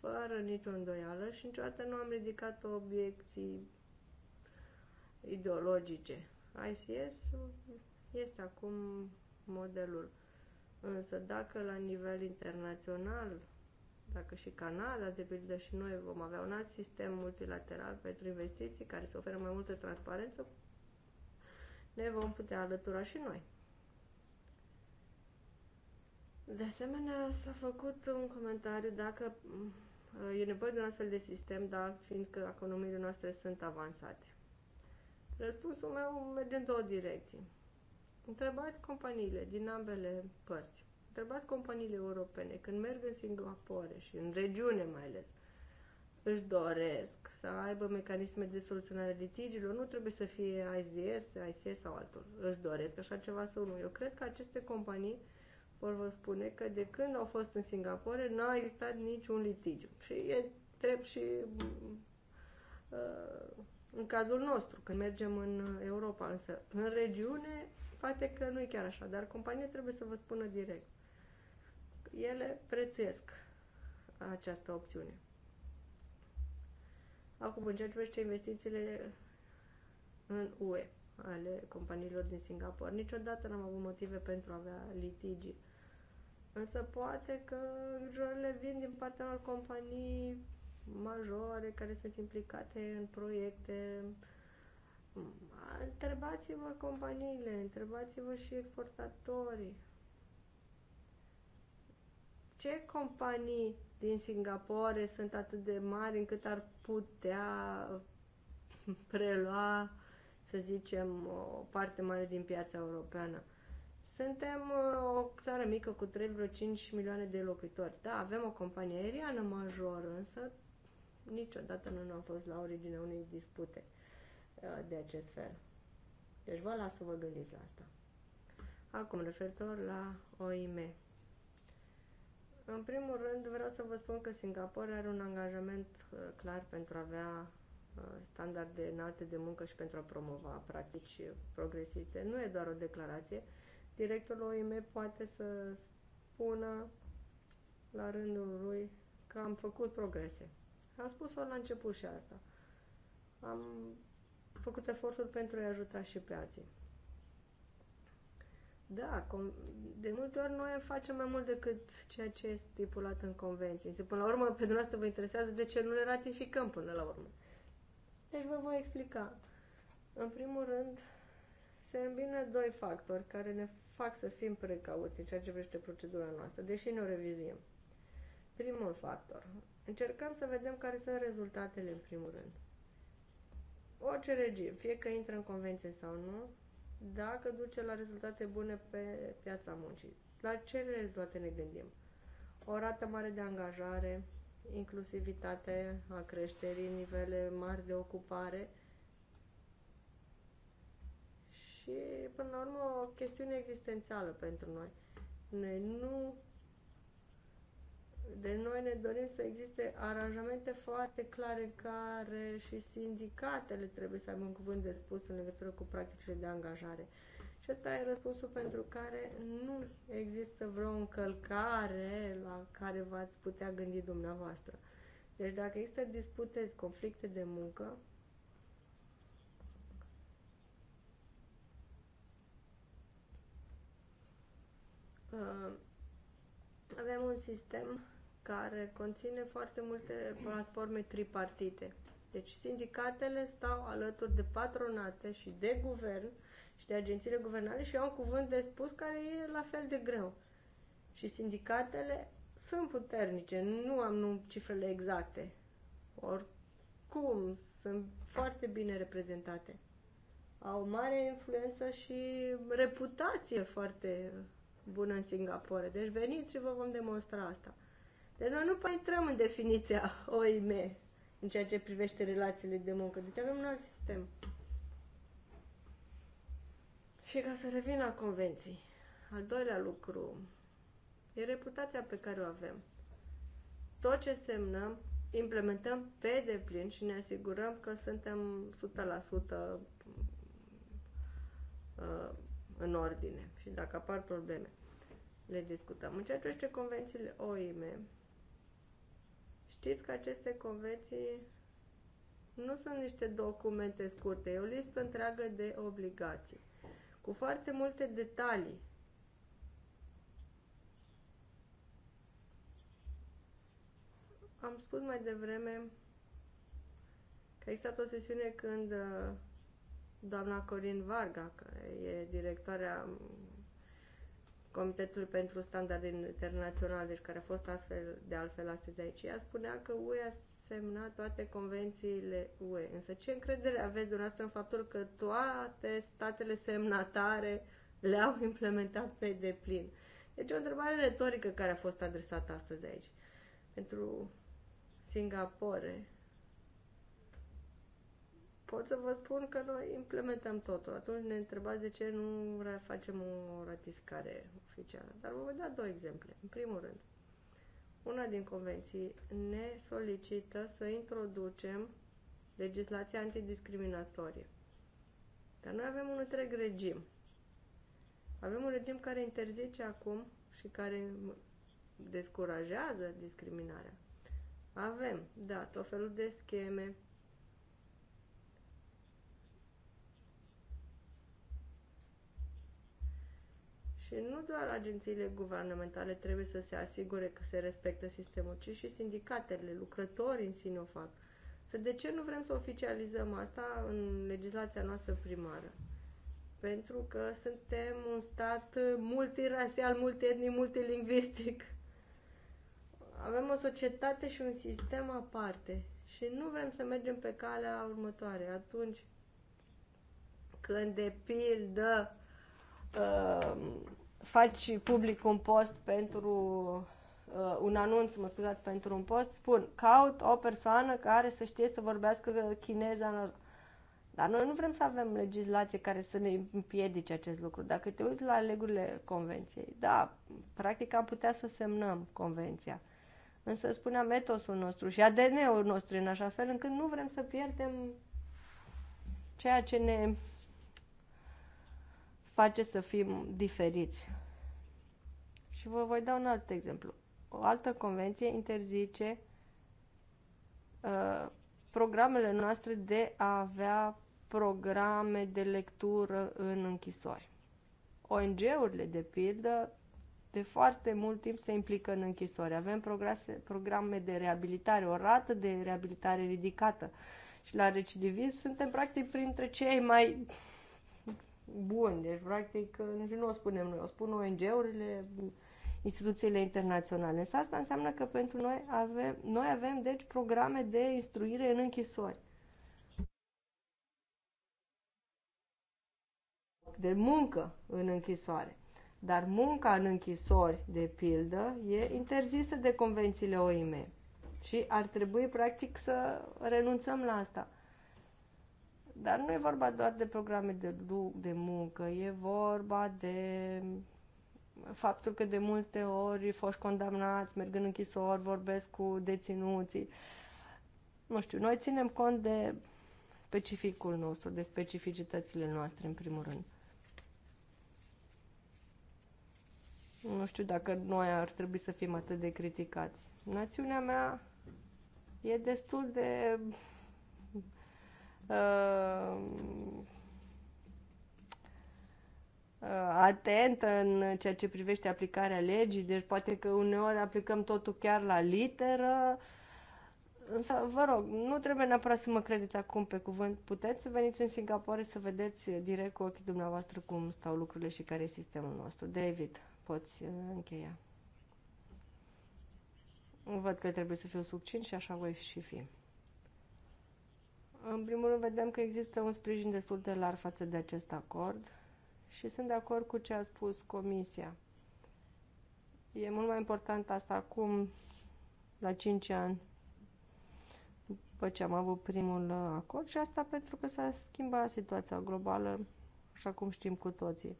fără nicio îndoială și niciodată nu am ridicat obiecții ideologice. ICS este acum modelul. Însă dacă la nivel internațional, dacă și Canada, de pildă și noi, vom avea un alt sistem multilateral pentru investiții care să oferă mai multă transparență, ne vom putea alătura și noi. De asemenea, s-a făcut un comentariu dacă e nevoie de un astfel de sistem, dar fiindcă economiile noastre sunt avansate. Răspunsul meu merge în două direcții. Întrebați companiile din ambele părți. Întrebați companiile europene când merg în Singapore și în regiune mai ales își doresc să aibă mecanisme de soluționare litigilor, nu trebuie să fie ISDS, ICS sau altul. Își doresc așa ceva sau nu. Eu cred că aceste companii uh, vor vă spune că de când au fost în Singapore n-a existat niciun litigiu. Și e trept și uh, în cazul nostru, când mergem în Europa, însă în regiune poate că nu e chiar așa, dar compania trebuie să vă spună direct. Ele prețuiesc această opțiune. Acum, în ceea ce privește investițiile în UE ale companiilor din Singapore. Niciodată n-am avut motive pentru a avea litigi. Însă poate că îngrijorările vin din partea unor companii majore care sunt implicate în proiecte. Întrebați-vă companiile, întrebați-vă și exportatorii. Ce companii din Singapore sunt atât de mari încât ar putea (laughs) prelua să zicem, o parte mare din piața europeană. Suntem uh, o țară mică cu 3,5 milioane de locuitori. Da, avem o companie aeriană majoră, însă niciodată nu am fost la originea unei dispute uh, de acest fel. Deci vă las să vă gândiți la asta. Acum, referitor la OIM. În primul rând, vreau să vă spun că Singapore are un angajament uh, clar pentru a avea Uh, standarde înalte de muncă și pentru a promova practici progresiste. Nu e doar o declarație. Directorul OIM poate să spună la rândul lui că am făcut progrese. Am spus-o la început și asta. Am făcut eforturi pentru a-i ajuta și pe alții. Da, de multe ori noi facem mai mult decât ceea ce este stipulat în convenție. Până la urmă, pe dumneavoastră vă interesează de ce nu le ratificăm până la urmă. Deci vă voi explica. În primul rând, se îmbină doi factori care ne fac să fim precauți în ceea ce privește procedura noastră, deși ne o revizim. Primul factor. Încercăm să vedem care sunt rezultatele în primul rând. Orice regim, fie că intră în convenție sau nu, dacă duce la rezultate bune pe piața muncii. La ce rezultate ne gândim? O rată mare de angajare, inclusivitate a creșterii, nivele mari de ocupare și, până la urmă, o chestiune existențială pentru noi. Noi nu de noi ne dorim să existe aranjamente foarte clare în care și sindicatele trebuie să aibă un cuvânt de spus în legătură cu practicile de angajare. Și ăsta e răspunsul pentru care nu există vreo încălcare la care v-ați putea gândi dumneavoastră. Deci dacă există dispute, conflicte de muncă, uh, avem un sistem care conține foarte multe platforme tripartite. Deci sindicatele stau alături de patronate și de guvern și de agențiile guvernale și au un cuvânt de spus care e la fel de greu. Și sindicatele sunt puternice, nu am nu cifrele exacte. Oricum, sunt foarte bine reprezentate. Au mare influență și reputație foarte bună în Singapore. Deci veniți și vă vom demonstra asta. Deci noi nu mai intrăm în definiția OIM în ceea ce privește relațiile de muncă. Deci avem un alt sistem. Și ca să revin la convenții, al doilea lucru e reputația pe care o avem. Tot ce semnăm, implementăm pe deplin și ne asigurăm că suntem 100% uh, în ordine și dacă apar probleme, le discutăm. În ceea ce privește convențiile OIM, știți că aceste convenții nu sunt niște documente scurte, e o listă întreagă de obligații cu foarte multe detalii. Am spus mai devreme că a existat o sesiune când uh, doamna Corin Varga, care e directoarea um, Comitetului pentru Standarde Internaționale, și care a fost astfel de altfel astăzi aici, ea spunea că UE semna toate convențiile UE. Însă ce încredere aveți dumneavoastră în faptul că toate statele semnatare le-au (laughs) implementat pe deplin? Deci o întrebare retorică care a fost adresată astăzi aici. Pentru Singapore, pot să vă spun că noi implementăm totul. Atunci ne întrebați de ce nu facem o ratificare oficială. Dar vă voi da două exemple. În primul rând, una din convenții ne solicită să introducem legislația antidiscriminatorie. Dar noi avem un întreg regim. Avem un regim care interzice acum și care descurajează discriminarea. Avem, da, tot felul de scheme, Și nu doar agențiile guvernamentale trebuie să se asigure că se respectă sistemul, ci și sindicatele, lucrătorii în sine o fac. Să de ce nu vrem să oficializăm asta în legislația noastră primară? Pentru că suntem un stat multirasial, multietnic, multilingvistic. Avem o societate și un sistem aparte și nu vrem să mergem pe calea următoare. Atunci când, de pildă, uh, faci public un post pentru uh, un anunț, mă scuzați, pentru un post, spun, caut o persoană care să știe să vorbească chineza. Dar noi nu vrem să avem legislație care să ne împiedice acest lucru. Dacă te uiți la legurile convenției, da, practic am putea să semnăm convenția. Însă spunea metosul nostru și ADN-ul nostru în așa fel încât nu vrem să pierdem ceea ce ne face să fim diferiți. Și vă voi da un alt exemplu. O altă convenție interzice uh, programele noastre de a avea programe de lectură în închisori. ONG-urile, de pildă, de foarte mult timp se implică în închisori. Avem progrese, programe de reabilitare, o rată de reabilitare ridicată. Și la recidivism suntem practic printre cei mai bun, Deci, practic, nu o spunem noi, o spun ONG-urile, instituțiile internaționale. Însă asta înseamnă că pentru noi avem, noi avem, deci, programe de instruire în închisori. De muncă în închisoare. Dar munca în închisori, de pildă, e interzisă de convențiile OIM. Și ar trebui, practic, să renunțăm la asta. Dar nu e vorba doar de programe de, de muncă, e vorba de faptul că de multe ori foști condamnați, mergând închisori, vorbesc cu deținuții. Nu știu, noi ținem cont de specificul nostru, de specificitățile noastre, în primul rând. Nu știu dacă noi ar trebui să fim atât de criticați. Națiunea mea e destul de uh, atent în ceea ce privește aplicarea legii, deci poate că uneori aplicăm totul chiar la literă, însă vă rog, nu trebuie neapărat să mă credeți acum pe cuvânt, puteți să veniți în Singapore să vedeți direct cu ochii dumneavoastră cum stau lucrurile și care e sistemul nostru. David, poți uh, încheia. Văd că trebuie să fiu succint și așa voi și fi. În primul rând, vedem că există un sprijin destul de larg față de acest acord și sunt de acord cu ce a spus Comisia. E mult mai important asta acum, la 5 ani, după ce am avut primul uh, acord și asta pentru că s-a schimbat situația globală, așa cum știm cu toții.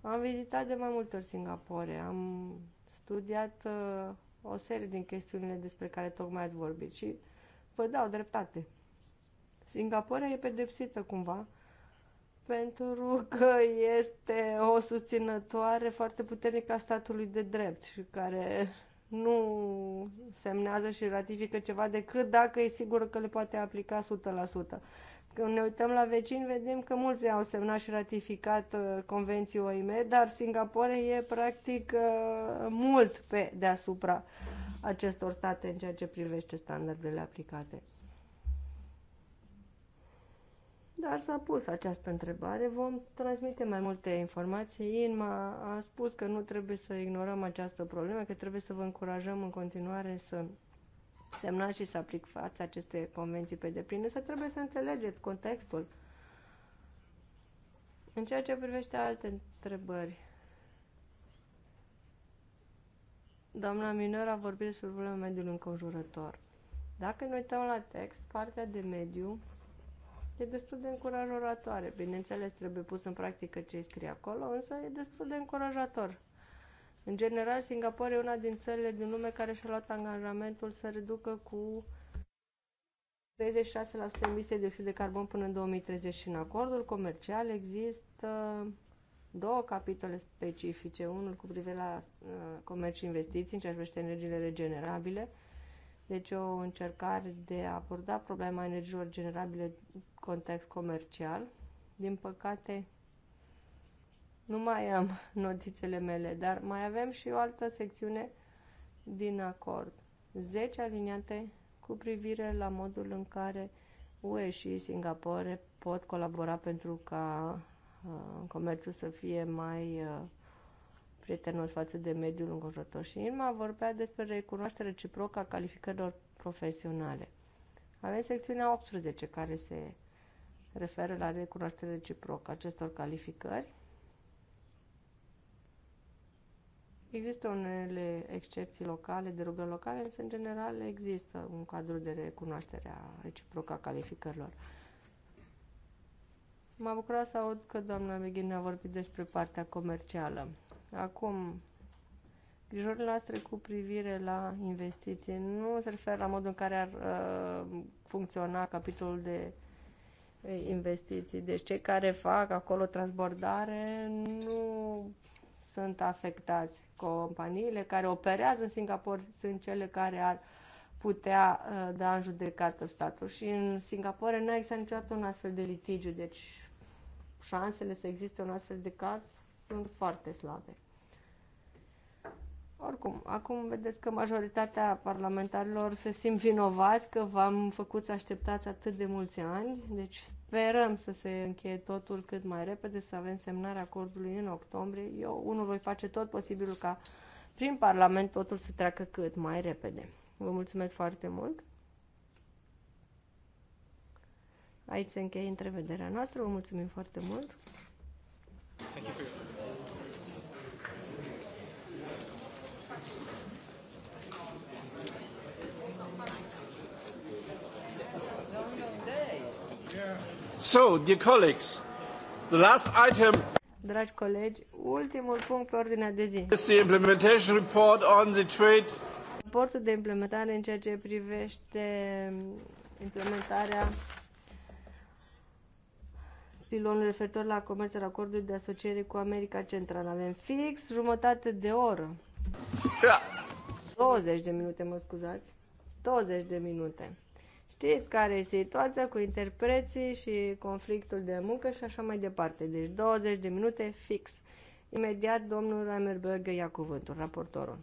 Am vizitat de mai multe ori Singapore, am studiat uh, o serie din chestiunile despre care tocmai ați vorbit și vă dau dreptate. Singapore e pedepsită cumva pentru că este o susținătoare foarte puternică a statului de drept și care nu semnează și ratifică ceva decât dacă e sigură că le poate aplica 100%. Când ne uităm la vecini, vedem că mulți au semnat și ratificat uh, convenții OIM, dar Singapore e practic uh, mult pe deasupra acestor state în ceea ce privește standardele aplicate. Dar s-a pus această întrebare, vom transmite mai multe informații. Inma a spus că nu trebuie să ignorăm această problemă, că trebuie să vă încurajăm în continuare să semnați și să aplicați aceste convenții pe deplin, însă trebuie să înțelegeți contextul. În ceea ce privește alte întrebări, doamna Minor a vorbit despre problema mediului înconjurător. Dacă ne uităm la text, partea de mediu e destul de încurajatoare. Bineînțeles, trebuie pus în practică ce scrie acolo, însă e destul de încurajator. În general, Singapore e una din țările din lume care și-a luat angajamentul să reducă cu 36% emisii de oxid de carbon până în 2030 și în acordul comercial există două capitole specifice, unul cu privire la uh, comerț și investiții în ceea ce privește energiile regenerabile deci o încercare de a aborda problema energiilor generabile în context comercial. Din păcate, nu mai am (laughs) notițele mele, dar mai avem și o altă secțiune din acord. 10 aliniate cu privire la modul în care UE și Singapore pot colabora pentru ca uh, comerțul să fie mai uh, prietenos față de mediul înconjurător și Irma vorbea despre recunoaștere reciprocă a calificărilor profesionale. Avem secțiunea 18 care se referă la recunoaștere reciprocă acestor calificări. Există unele excepții locale, derugări locale, însă în general există un cadru de recunoaștere a reciprocă a calificărilor. M-a bucurat să aud că doamna Meghin a vorbit despre partea comercială. Acum, grijorile noastre cu privire la investiții nu se referă la modul în care ar uh, funcționa capitolul de eh, investiții. Deci cei care fac acolo transbordare nu sunt afectați. Companiile care operează în Singapore sunt cele care ar putea uh, da în judecată statul. Și în Singapore nu existat niciodată un astfel de litigiu, deci șansele să existe un astfel de caz sunt foarte slabe. Oricum, acum vedeți că majoritatea parlamentarilor se simt vinovați că v-am făcut să așteptați atât de mulți ani, deci sperăm să se încheie totul cât mai repede, să avem semnarea acordului în octombrie. Eu, unul, voi face tot posibilul ca prin Parlament totul să treacă cât mai repede. Vă mulțumesc foarte mult! Aici se încheie întrevederea noastră. Vă mulțumim foarte mult! Thank you for your... So, dear colleagues, the last item Dragi colegi, ultimul punct pe ordinea de zi. the implementation report on the trade. Raportul de implementare în ceea ce privește um, implementarea pilonul referitor la comerțul acordului de asociere cu America Centrală. Avem fix jumătate de oră. 20 de minute, mă scuzați. 20 de minute. Știți care e situația cu interpreții și conflictul de muncă și așa mai departe. Deci 20 de minute fix. Imediat domnul Reimerberg ia cuvântul, raportorul.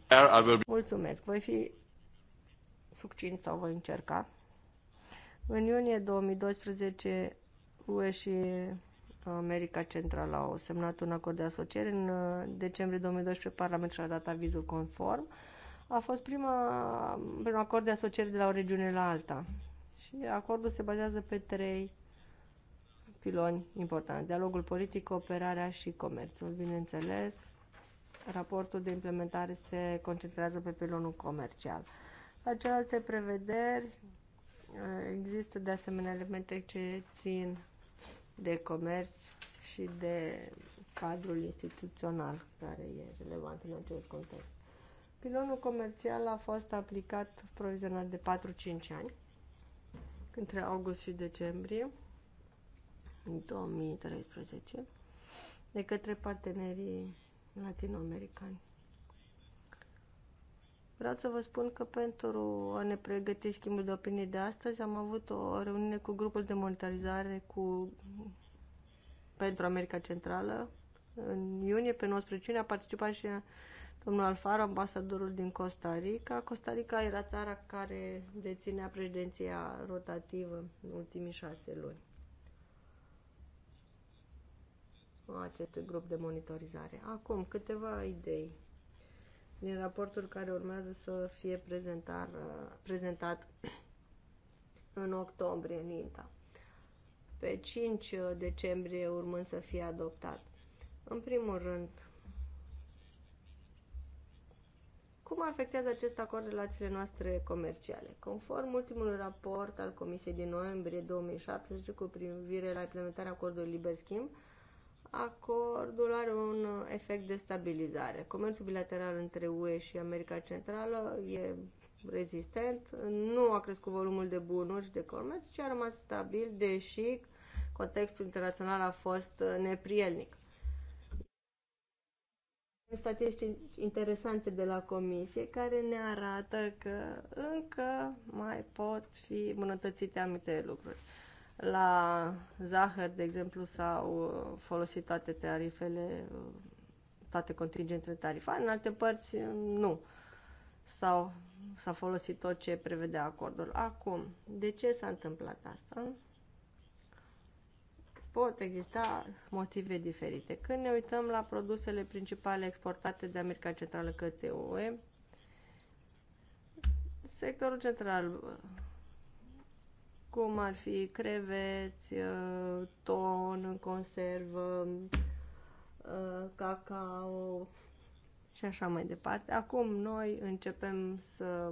Mulțumesc, voi fi succint sau voi încerca. În iunie 2012, UE și uh, America Centrală au semnat un acord de asociere. În uh, decembrie 2012, Parlamentul și-a dat avizul conform. A fost prima, primul acord de asociere de la o regiune la alta. Și acordul se bazează pe trei piloni importanți. Dialogul politic, cooperarea și comerțul, bineînțeles. Raportul de implementare se concentrează pe pilonul comercial. La celelalte prevederi există de asemenea elemente ce țin de comerț și de cadrul instituțional care e relevant în acest context. Pilonul comercial a fost aplicat provizional de 4-5 ani între august și decembrie 2013 de către partenerii latinoamericani. Vreau să vă spun că pentru a ne pregăti schimbul de opinie de astăzi am avut o reuniune cu grupul de monetarizare cu, pentru America Centrală. În iunie, pe 19 iunie, a participat și domnul Alfaro, ambasadorul din Costa Rica. Costa Rica era țara care deținea președinția rotativă în ultimii șase luni acestui grup de monitorizare. Acum, câteva idei din raportul care urmează să fie prezentar, prezentat în octombrie în INTA. Pe 5 decembrie urmând să fie adoptat. În primul rând, Cum afectează acest acord relațiile noastre comerciale? Conform ultimului raport al Comisiei din noiembrie 2017 cu privire la implementarea acordului liber schimb, acordul are un efect de stabilizare. Comerțul bilateral între UE și America Centrală e rezistent, nu a crescut volumul de bunuri și de comerț, ci a rămas stabil, deși contextul internațional a fost neprielnic statistici interesante de la comisie care ne arată că încă mai pot fi îmbunătățite anumite lucruri. La zahăr, de exemplu, s-au uh, folosit toate tarifele, uh, toate contingentele tarifare, în alte părți uh, nu. Sau s-a folosit tot ce prevedea acordul. Acum, de ce s-a întâmplat asta? pot exista motive diferite. Când ne uităm la produsele principale exportate de America Centrală către UE, sectorul central, cum ar fi creveți, uh, ton în conservă, uh, cacao și așa mai departe. Acum noi începem să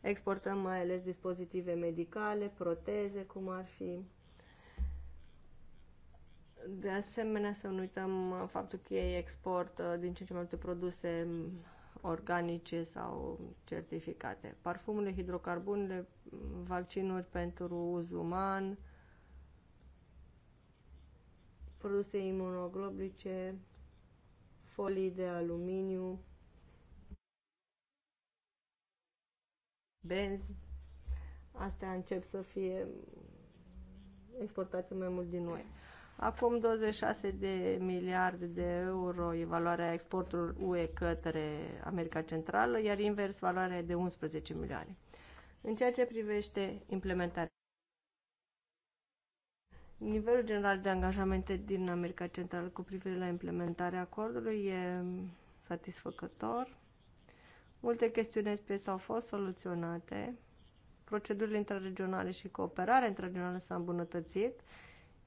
exportăm mai ales dispozitive medicale, proteze, cum ar fi de asemenea, să nu uităm uh, faptul că ei exportă uh, din ce în ce mai multe produse mm, organice sau certificate. Parfumurile, hidrocarburile, mm, vaccinuri pentru uz uman, produse imunoglobice, folii de aluminiu, benzi. Astea încep să fie exportate mai mult din noi. Acum 26 de miliarde de euro e valoarea exportului UE către America Centrală, iar invers valoarea e de 11 milioane. În ceea ce privește implementarea, nivelul general de angajamente din America Centrală cu privire la implementarea acordului e satisfăcător. Multe chestiuni SPS au fost soluționate, procedurile interregionale și cooperarea interregională s-a îmbunătățit,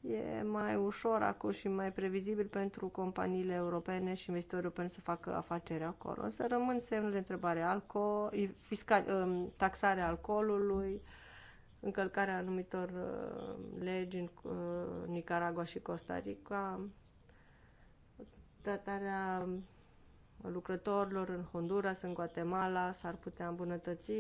e mai ușor acum și mai previzibil pentru companiile europene și investitorii europeni să facă afaceri acolo. Însă rămân semnul de întrebare alco, fiscal, um, taxarea alcoolului, încălcarea anumitor uh, legi în uh, Nicaragua și Costa Rica, tratarea lucrătorilor în Honduras, în Guatemala, s-ar putea îmbunătăți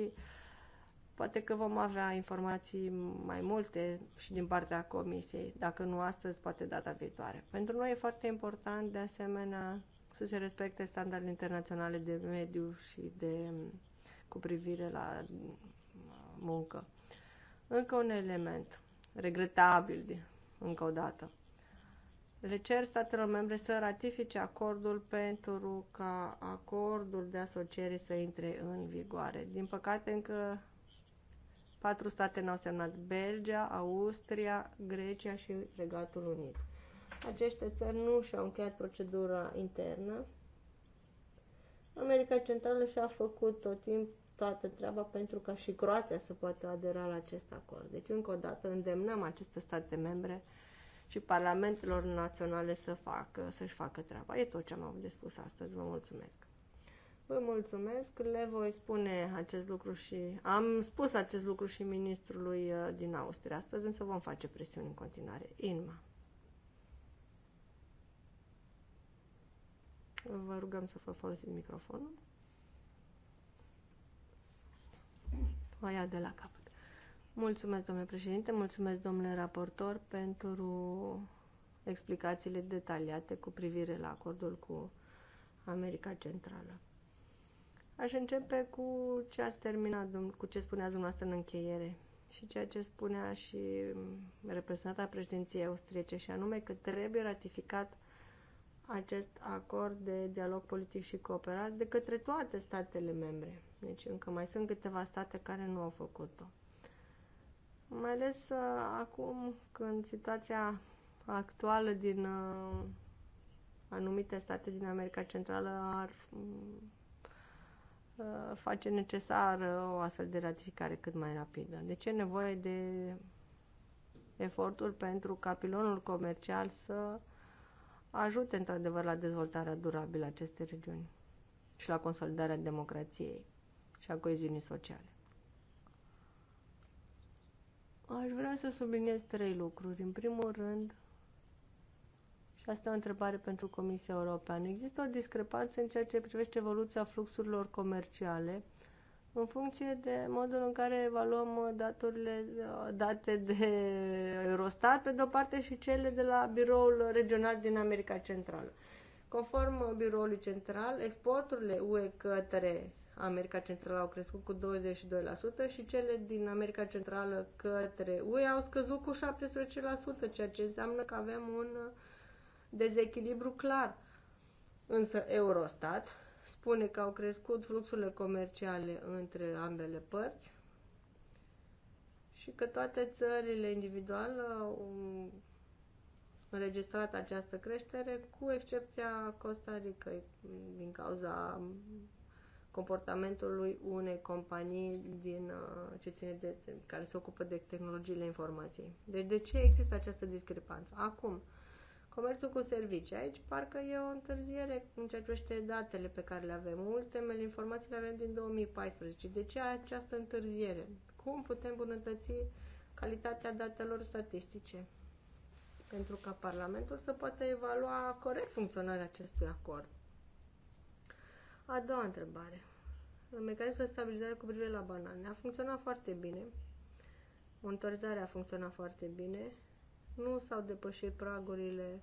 Poate că vom avea informații mai multe și din partea comisiei, dacă nu astăzi, poate data viitoare. Pentru noi e foarte important, de asemenea, să se respecte standardele internaționale de mediu și de cu privire la muncă. Încă un element regretabil, încă o dată. Le cer statelor membre să ratifice acordul pentru ca acordul de asociere să intre în vigoare. Din păcate, încă Patru state n-au semnat Belgia, Austria, Grecia și Regatul Unit. Aceste țări nu și-au încheiat procedura internă. America Centrală și-a făcut tot timp toată treaba pentru ca și Croația să poată adera la acest acord. Deci, încă o dată, îndemnăm aceste state membre și parlamentelor naționale să facă, să-și facă treaba. E tot ce am avut de spus astăzi. Vă mulțumesc! Vă mulțumesc, le voi spune acest lucru și am spus acest lucru și ministrului uh, din Austria astăzi, însă vom face presiuni în continuare. Inma. Vă rugăm să vă folosiți microfonul. O ia de la capăt. Mulțumesc, domnule președinte, mulțumesc, domnule raportor, pentru explicațiile detaliate cu privire la acordul cu America Centrală. Aș începe cu ce ați terminat, cu ce spuneați dumneavoastră în încheiere și ceea ce spunea și mm, reprezentanta președinției austriece, și anume că trebuie ratificat acest acord de dialog politic și cooperare de către toate statele membre. Deci încă mai sunt câteva state care nu au făcut-o. Mai ales uh, acum când situația actuală din uh, anumite state din America Centrală ar mm, face necesară uh, o astfel de ratificare cât mai rapidă. Deci ce nevoie de eforturi pentru ca pilonul comercial să ajute într-adevăr la dezvoltarea durabilă a acestei regiuni și la consolidarea democrației și a coeziunii sociale. Aș vrea să subliniez trei lucruri. În primul rând, și asta e o întrebare pentru Comisia Europeană. Există o discrepanță în ceea ce privește evoluția fluxurilor comerciale în funcție de modul în care evaluăm datorile uh, date de Eurostat, pe de-o parte, și cele de la biroul regional din America Centrală. Conform biroului central, exporturile UE către America Centrală au crescut cu 22% și cele din America Centrală către UE au scăzut cu 17%, ceea ce înseamnă că avem un uh, dezechilibru clar. Însă Eurostat spune că au crescut fluxurile comerciale între ambele părți și că toate țările individual au înregistrat această creștere, cu excepția Costa Rica, din cauza comportamentului unei companii din, uh, ce ține de, care se ocupă de tehnologiile informației. Deci de ce există această discrepanță? Acum, Comerțul cu servicii. Aici parcă e o întârziere în ce privește datele pe care le avem. Ultimele informații le avem din 2014. De ce această întârziere? Cum putem bunătăți calitatea datelor statistice? Pentru ca Parlamentul să poată evalua corect funcționarea acestui acord. A doua întrebare. Mecanismul de stabilizare cu privire la banane a funcționat foarte bine. Monitorizarea a funcționat foarte bine nu s-au depășit pragurile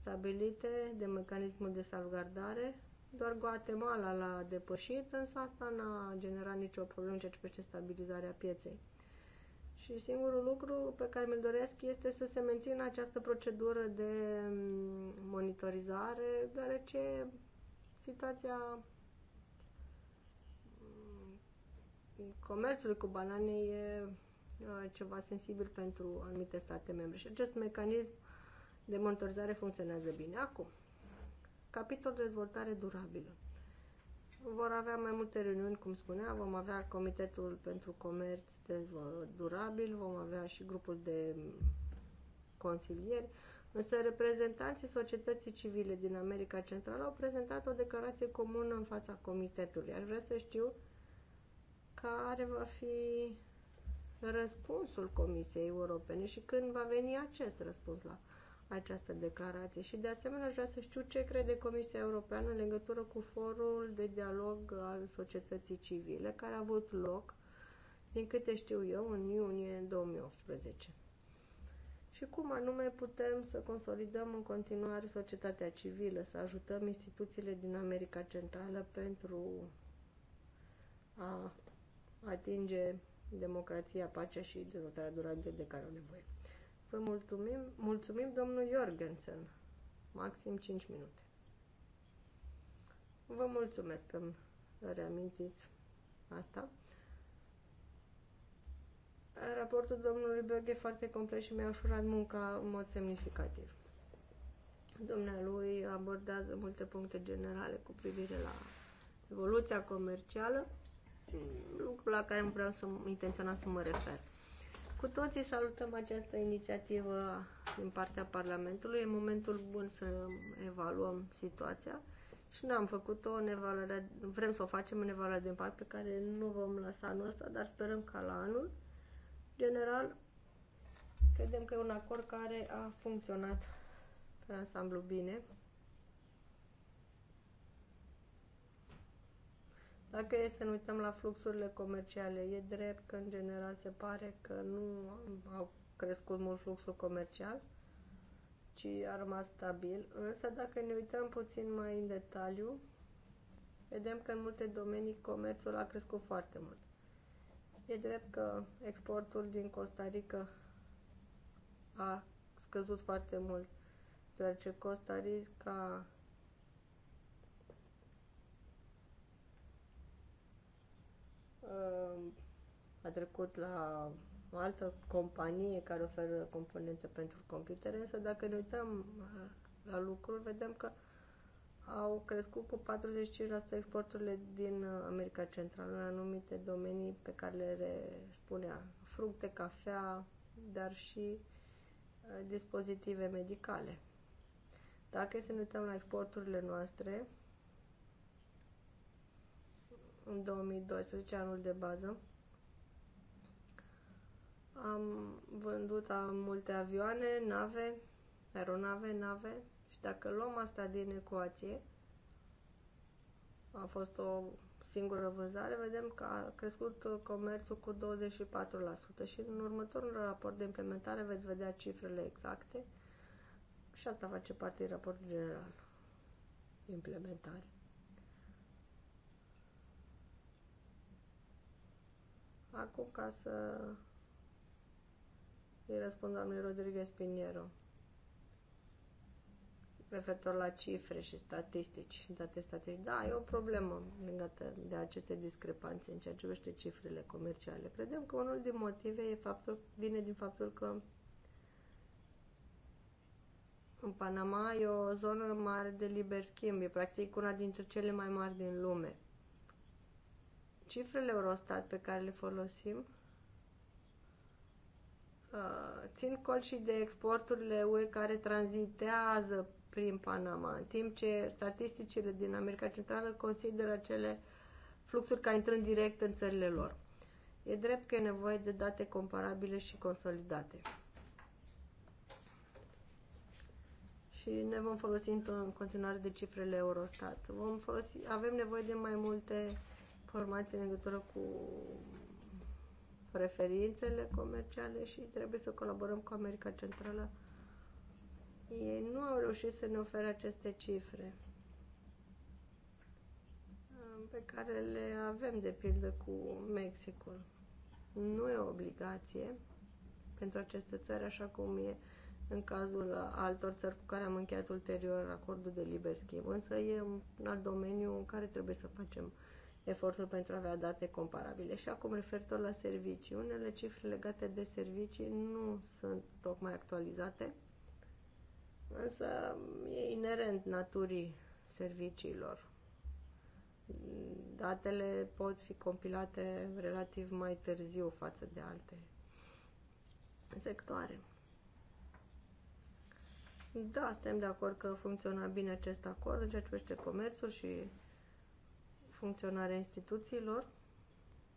stabilite de mecanismul de salvgardare. Doar Guatemala l-a depășit, însă asta n-a generat nicio problemă ceea ce privește stabilizarea pieței. Și singurul lucru pe care mi-l doresc este să se mențină această procedură de mm, monitorizare, deoarece situația mm, comerțului cu banane e Uh, ceva sensibil pentru anumite state membre și acest mecanism de monitorizare funcționează bine. Acum, capitol dezvoltare durabilă. Vor avea mai multe reuniuni, cum spunea, vom avea Comitetul pentru Comerț Durabil, vom avea și grupul de consilieri, însă reprezentanții societății civile din America Centrală au prezentat o declarație comună în fața Comitetului. Aș vrea să știu care va fi răspunsul Comisiei Europene și când va veni acest răspuns la această declarație. Și de asemenea aș vrea să știu ce crede Comisia Europeană în legătură cu forul de dialog al societății civile care a avut loc, din câte știu eu, în iunie 2018. Și cum anume putem să consolidăm în continuare societatea civilă, să ajutăm instituțiile din America Centrală pentru a atinge democrația, pacea și dezvoltarea durabilă de care au nevoie. Vă mulțumim, mulțumim domnul Jorgensen. Maxim 5 minute. Vă mulțumesc că îmi reamintiți asta. Raportul domnului Berg e foarte complet și mi-a ușurat munca în mod semnificativ. Dumnealui abordează multe puncte generale cu privire la evoluția comercială, lucru la care îmi vreau să intenționam să mă refer. Cu toții salutăm această inițiativă din partea Parlamentului. E momentul bun să evaluăm situația și n-am făcut-o în vrem să o facem în evaluarea de impact pe care nu vom lăsa anul ăsta, dar sperăm ca la anul. General, credem că e un acord care a funcționat pe ansamblu bine Dacă e să ne uităm la fluxurile comerciale, e drept că în general se pare că nu au crescut mult fluxul comercial, ci a rămas stabil. Însă dacă ne uităm puțin mai în detaliu, vedem că în multe domenii comerțul a crescut foarte mult. E drept că exportul din Costa Rica a scăzut foarte mult, deoarece Costa Rica Ehm, a trecut la o altă companie care oferă componente pentru computere, însă dacă ne uităm uh, la lucruri, vedem că au crescut cu 45% exporturile din uh, America Centrală în anumite domenii pe care le spunea, fructe, cafea, dar și uh, dispozitive medicale. Dacă să ne uităm la exporturile noastre, în 2012, anul de bază. Am vândut am multe avioane, nave, aeronave, nave și dacă luăm asta din ecuație, a fost o singură vânzare, vedem că a crescut comerțul cu 24% și în următorul raport de implementare veți vedea cifrele exacte și asta face parte din raportul general implementare. acum ca să îi răspund doamnei Rodriguez Piniero referitor la cifre și statistici, date statistici. Da, e o problemă legată de aceste discrepanțe în ceea ce privește cifrele comerciale. Credem că unul din motive e faptul, vine din faptul că în Panama e o zonă mare de liber schimb, e practic una dintre cele mai mari din lume cifrele Eurostat pe care le folosim uh, țin cont și de exporturile UE care tranzitează prin Panama, în timp ce statisticile din America Centrală consideră acele fluxuri ca intrând direct în țările lor. E drept că e nevoie de date comparabile și consolidate. Și ne vom folosi în continuare de cifrele Eurostat. Vom folosi, avem nevoie de mai multe informații în legătură cu preferințele comerciale și trebuie să colaborăm cu America Centrală. Ei nu au reușit să ne ofere aceste cifre uh, pe care le avem, de pildă, cu Mexicul. Nu e o obligație pentru aceste țări, așa cum e în cazul altor țări cu care am încheiat ulterior acordul de liber schimb. Însă e un alt domeniu în care trebuie să facem efortul pentru a avea date comparabile. Și acum, referitor la servicii, unele cifre legate de servicii nu sunt tocmai actualizate, însă e inerent naturii serviciilor. Datele pot fi compilate relativ mai târziu față de alte sectoare. Da, suntem de acord că funcționa bine acest acord în ceea ce privește comerțul și funcționarea instituțiilor.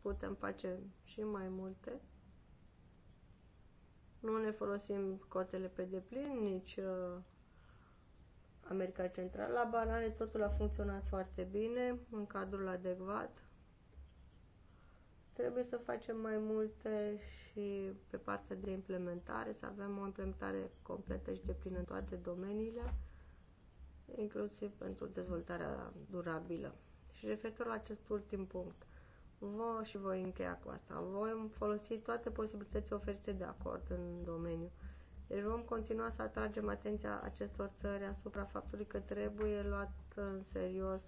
Putem face și mai multe. Nu ne folosim cotele pe deplin, nici uh, America Centrală. La banane totul a funcționat foarte bine, în cadrul adecvat. Trebuie să facem mai multe și pe partea de implementare, să avem o implementare completă și deplină în toate domeniile, inclusiv pentru dezvoltarea durabilă. Și referitor la acest ultim punct, vă și voi încheia cu asta. Voi folosi toate posibilitățile oferite de acord în domeniu. Deci vom continua să atragem atenția acestor țări asupra faptului că trebuie luat în serios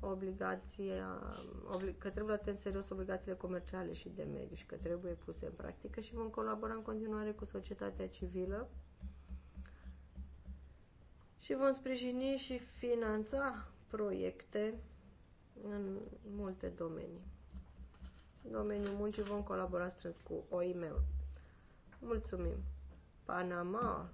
obligația, obli, că trebuie luat în serios obligațiile comerciale și de mediu și că trebuie puse în practică și vom colabora în continuare cu societatea civilă și vom sprijini și finanța proiecte în multe domenii. În domeniul muncii vom colabora strâns cu oim Mulțumim! Panama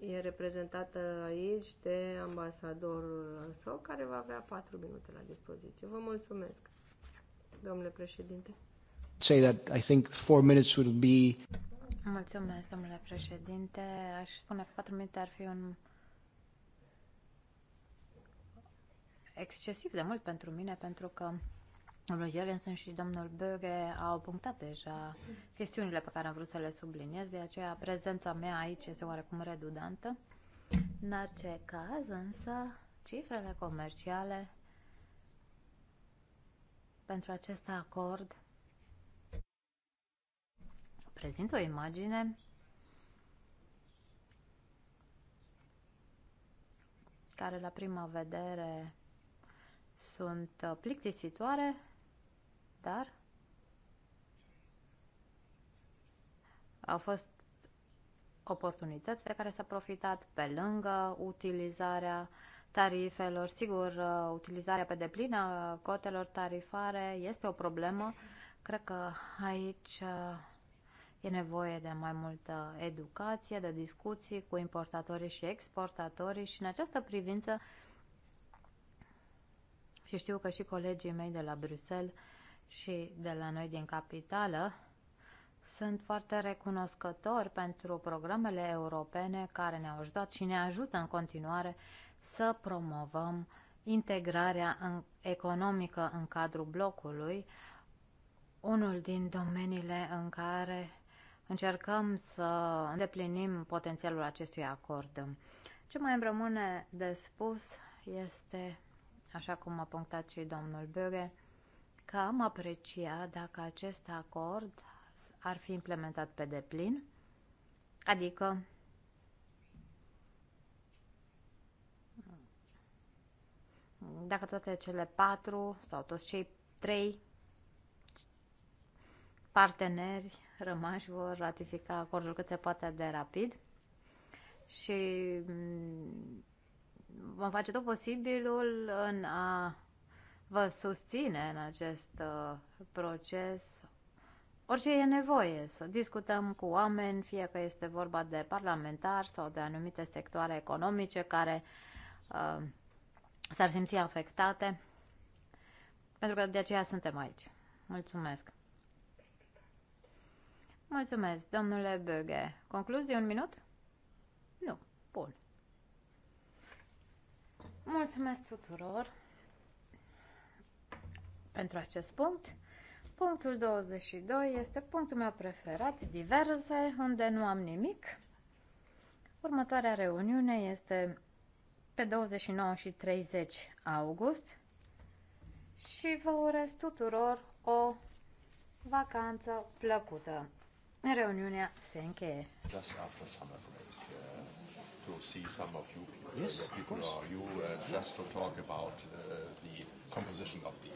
e reprezentată aici de ambasadorul său, care va avea patru minute la dispoziție. Vă mulțumesc, domnule președinte. Say that I think four minutes would be... Mulțumesc, domnule președinte. Aș spune că patru minute ar fi un excesiv de mult pentru mine, pentru că domnul Jerensen și domnul Böge au punctat deja chestiunile pe care am vrut să le subliniez, de aceea prezența mea aici este oarecum redundantă. În orice caz, însă, cifrele comerciale pentru acest acord prezintă o imagine care la prima vedere sunt uh, plictisitoare, dar au fost oportunități de care s-a profitat pe lângă utilizarea tarifelor. Sigur, uh, utilizarea pe deplină a cotelor tarifare este o problemă. Cred că aici uh, e nevoie de mai multă educație, de discuții cu importatorii și exportatorii și în această privință și știu că și colegii mei de la Bruxelles și de la noi din capitală sunt foarte recunoscători pentru programele europene care ne-au ajutat și ne ajută în continuare să promovăm integrarea în, economică în cadrul blocului, unul din domeniile în care încercăm să îndeplinim potențialul acestui acord. Ce mai îmi rămâne de spus este așa cum a punctat și domnul Böge, că am aprecia dacă acest acord ar fi implementat pe deplin, adică dacă toate cele patru sau toți cei trei parteneri rămași vor ratifica acordul cât se poate de rapid și vom face tot posibilul în a vă susține în acest uh, proces orice e nevoie, să discutăm cu oameni, fie că este vorba de parlamentari sau de anumite sectoare economice care uh, s-ar simți afectate, pentru că de aceea suntem aici. Mulțumesc! Mulțumesc, domnule Böge. Concluzie, un minut? Nu. Bun. Mulțumesc tuturor pentru acest punct. Punctul 22 este punctul meu preferat, diverse, unde nu am nimic. Următoarea reuniune este pe 29 și 30 august și vă urez tuturor o vacanță plăcută. Reuniunea se încheie. Just after summer break, uh, to see some of you yes, course. are. You uh, just to talk about uh, the composition of the